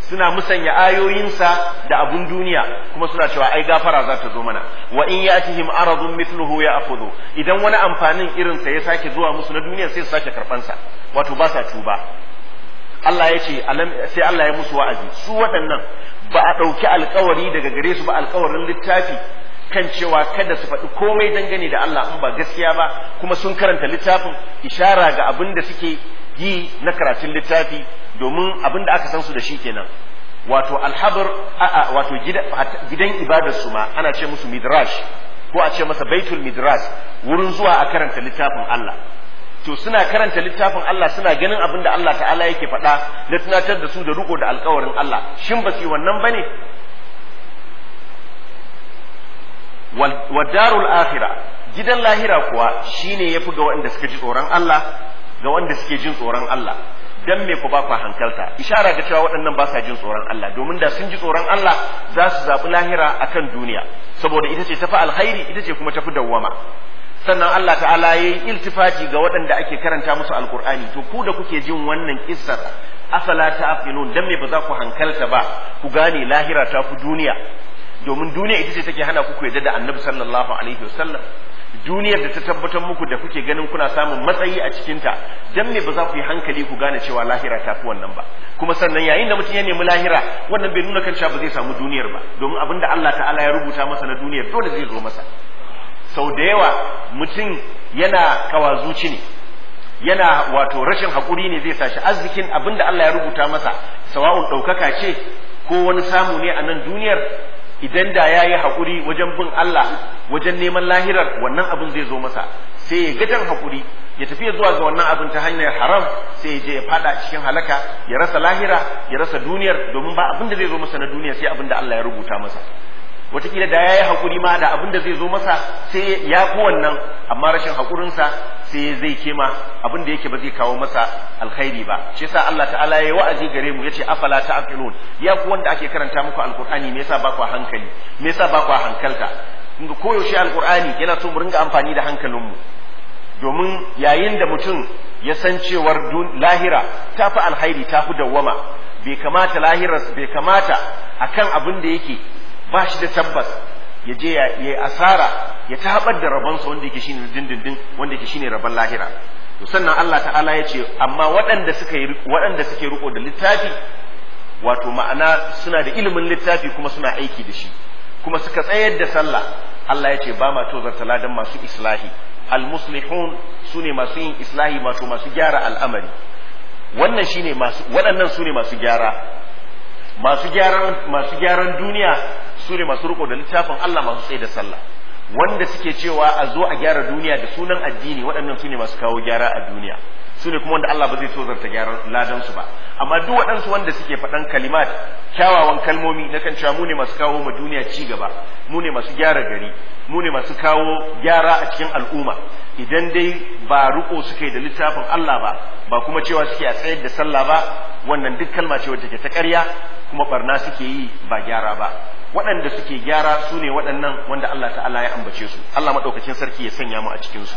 suna musanya ayoyinsa da abun duniya kuma suna cewa ai gafara za ta zo mana wa in yatihim aradun mithluhu ya akhudhu idan wani amfanin irin sa ya sake zuwa musu na duniya sai su sake karban sa wato ba sa tuba Allah ya ce sai Allah ya musu wa'azi su waɗannan ba a ɗauki alkawari daga gare su ba alkawarin littafi kan cewa kada su faɗi komai dangane da Allah in ba gaskiya ba kuma sun karanta littafin ishara ga abin da suke yi na karatun littafi domin abin da aka san su da shi kenan wato alhabar wato gidan ibadarsu ma ana ce musu midrash ko a ce masa baitul midrash wurin zuwa a karanta littafin Allah to suna karanta littafin Allah suna ganin abin da Allah ta'ala yake faɗa na tunatar da su da riko da alkawarin Allah shin ba su yi wannan bane wa darul akhira gidan lahira kuwa shine yafi ga wanda suka ji tsoron Allah ga wanda suke jin tsoron Allah dan me ku ba ku hankalta ishara da cewa waɗannan ba sa jin tsoron Allah domin da sun ji tsoron Allah za su zaɓi lahira akan duniya saboda ita ce tafi alkhairi ita ce kuma tafi dawwama sannan Allah ta'ala ya yi iltifati ga waɗanda ake karanta musu alkur'ani to ku da kuke jin wannan kissar afala ta dan me ba za ku hankalta ba ku gane lahira ta fi duniya domin duniya ita ce take hana ku yarda da annabi sallallahu alaihi wasallam duniyar da ta tabbatar muku da kuke ganin kuna samun matsayi a cikinta dan me ba za ku yi hankali ku gane cewa lahira ta fi wannan ba kuma sannan yayin da mutum ya nemi lahira wannan bai nuna kan ba zai samu duniyar ba domin abin da Allah ta'ala ya rubuta masa na duniyar dole zai zo masa sau da yawa mutum yana kawazuci ne yana wato rashin haƙuri ne zai sashi arzikin abin da Allah ya rubuta masa sawa'un ɗaukaka ce ko wani samu ne a nan duniyar idan da ya yi haƙuri wajen bin Allah wajen neman lahirar wannan abin zai zo masa sai ya gajan haƙuri ya tafi zuwa ga wannan abin ta hanyar haram sai ya je ya fada cikin halaka ya rasa lahira ya rasa duniyar domin ba abin da zai zo masa na duniya sai abin da Allah ya rubuta masa watakila da ya yi haƙuri ma da abin da zai zo masa sai ya fi wannan amma rashin haƙurinsa sai zai kema abin da yake ba zai kawo masa alkhairi ba shi yasa Allah ta'ala ya wa'azi gare mu yace afala ta'qilun ya ku wanda ake karanta muku alqur'ani me yasa ba ku hankali me yasa ba ku hankalta ga koyaushe alqur'ani yana so mu ringa amfani da hankalin mu domin yayin da mutum ya san cewar lahira ta fi alkhairi ta fi dawwama bai kamata lahirar bai kamata akan abin da yake ba shi da tabbas ya je ya yi asara ya tabar da rabonsa wanda yake shine dindindin wanda yake shine rabon lahira to sannan Allah ta'ala ya ce amma waɗanda suka yi waɗanda suke riko da littafi wato ma'ana suna da ilimin littafi kuma suna aiki da shi kuma suka tsayar da sallah Allah ya ce ba ma tozarta ladan masu islahi almuslihun su ne masu yin islahi wato masu gyara al'amari wannan shine masu waɗannan su ne masu gyara masu gyaran masu gyaran duniya su ne masu riko da littafin Allah masu tsaye da sallah wanda suke cewa a zo a gyara duniya da sunan addini waɗannan su ne masu kawo gyara a duniya su ne kuma wanda Allah ba zai so zarta gyaran ladan su ba amma duk waɗansu wanda suke faɗan kalimat kyawawan kalmomi na kan cewa mu ne masu kawo ma duniya ci gaba mu ne masu gyara gari mu ne masu kawo gyara a cikin al'umma idan dai ba riko suke da littafin Allah ba ba kuma cewa suke a tsayar da sallah ba wannan duk kalma ce wacce ta ƙarya kuma barna suke yi ba gyara ba waɗanda suke gyara su ne waɗannan wanda Allah ta'ala ya ambace su Allah maɗaukacin sarki ya sanya mu a cikin su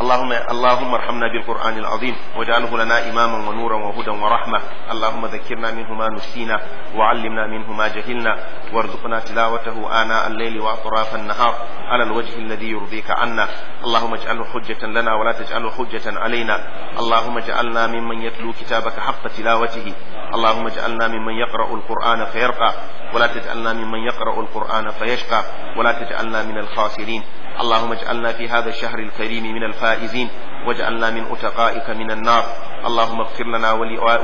اللهم اللهم ارحمنا بالقران العظيم واجعله لنا اماما ونورا وهدى ورحمه اللهم ذكرنا منه ما نسينا وعلمنا منه ما جهلنا وارزقنا تلاوته اناء الليل واطراف النهار على الوجه الذي يرضيك عنا اللهم اجعله حجه لنا ولا تجعله حجه علينا اللهم اجعلنا ممن يتلو كتابك حق تلاوته اللهم اجعلنا ممن يقرا القران فيرقى ولا تجعلنا ممن يقرا القران فيشقى ولا تجعلنا من الخاسرين اللهم اجعلنا في هذا الشهر الكريم من الفائزين واجعلنا من أتقائك من النار اللهم اغفر لنا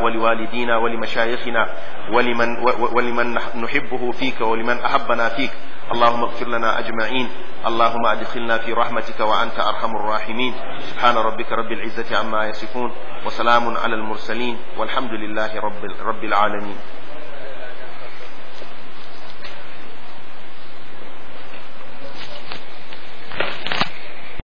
ولوالدينا ولمشايخنا ولمن, ولمن نحبه فيك ولمن أحبنا فيك اللهم اغفر لنا أجمعين اللهم أدخلنا في رحمتك وأنت أرحم الراحمين سبحان ربك رب العزة عما يصفون وسلام على المرسلين والحمد لله رب, رب العالمين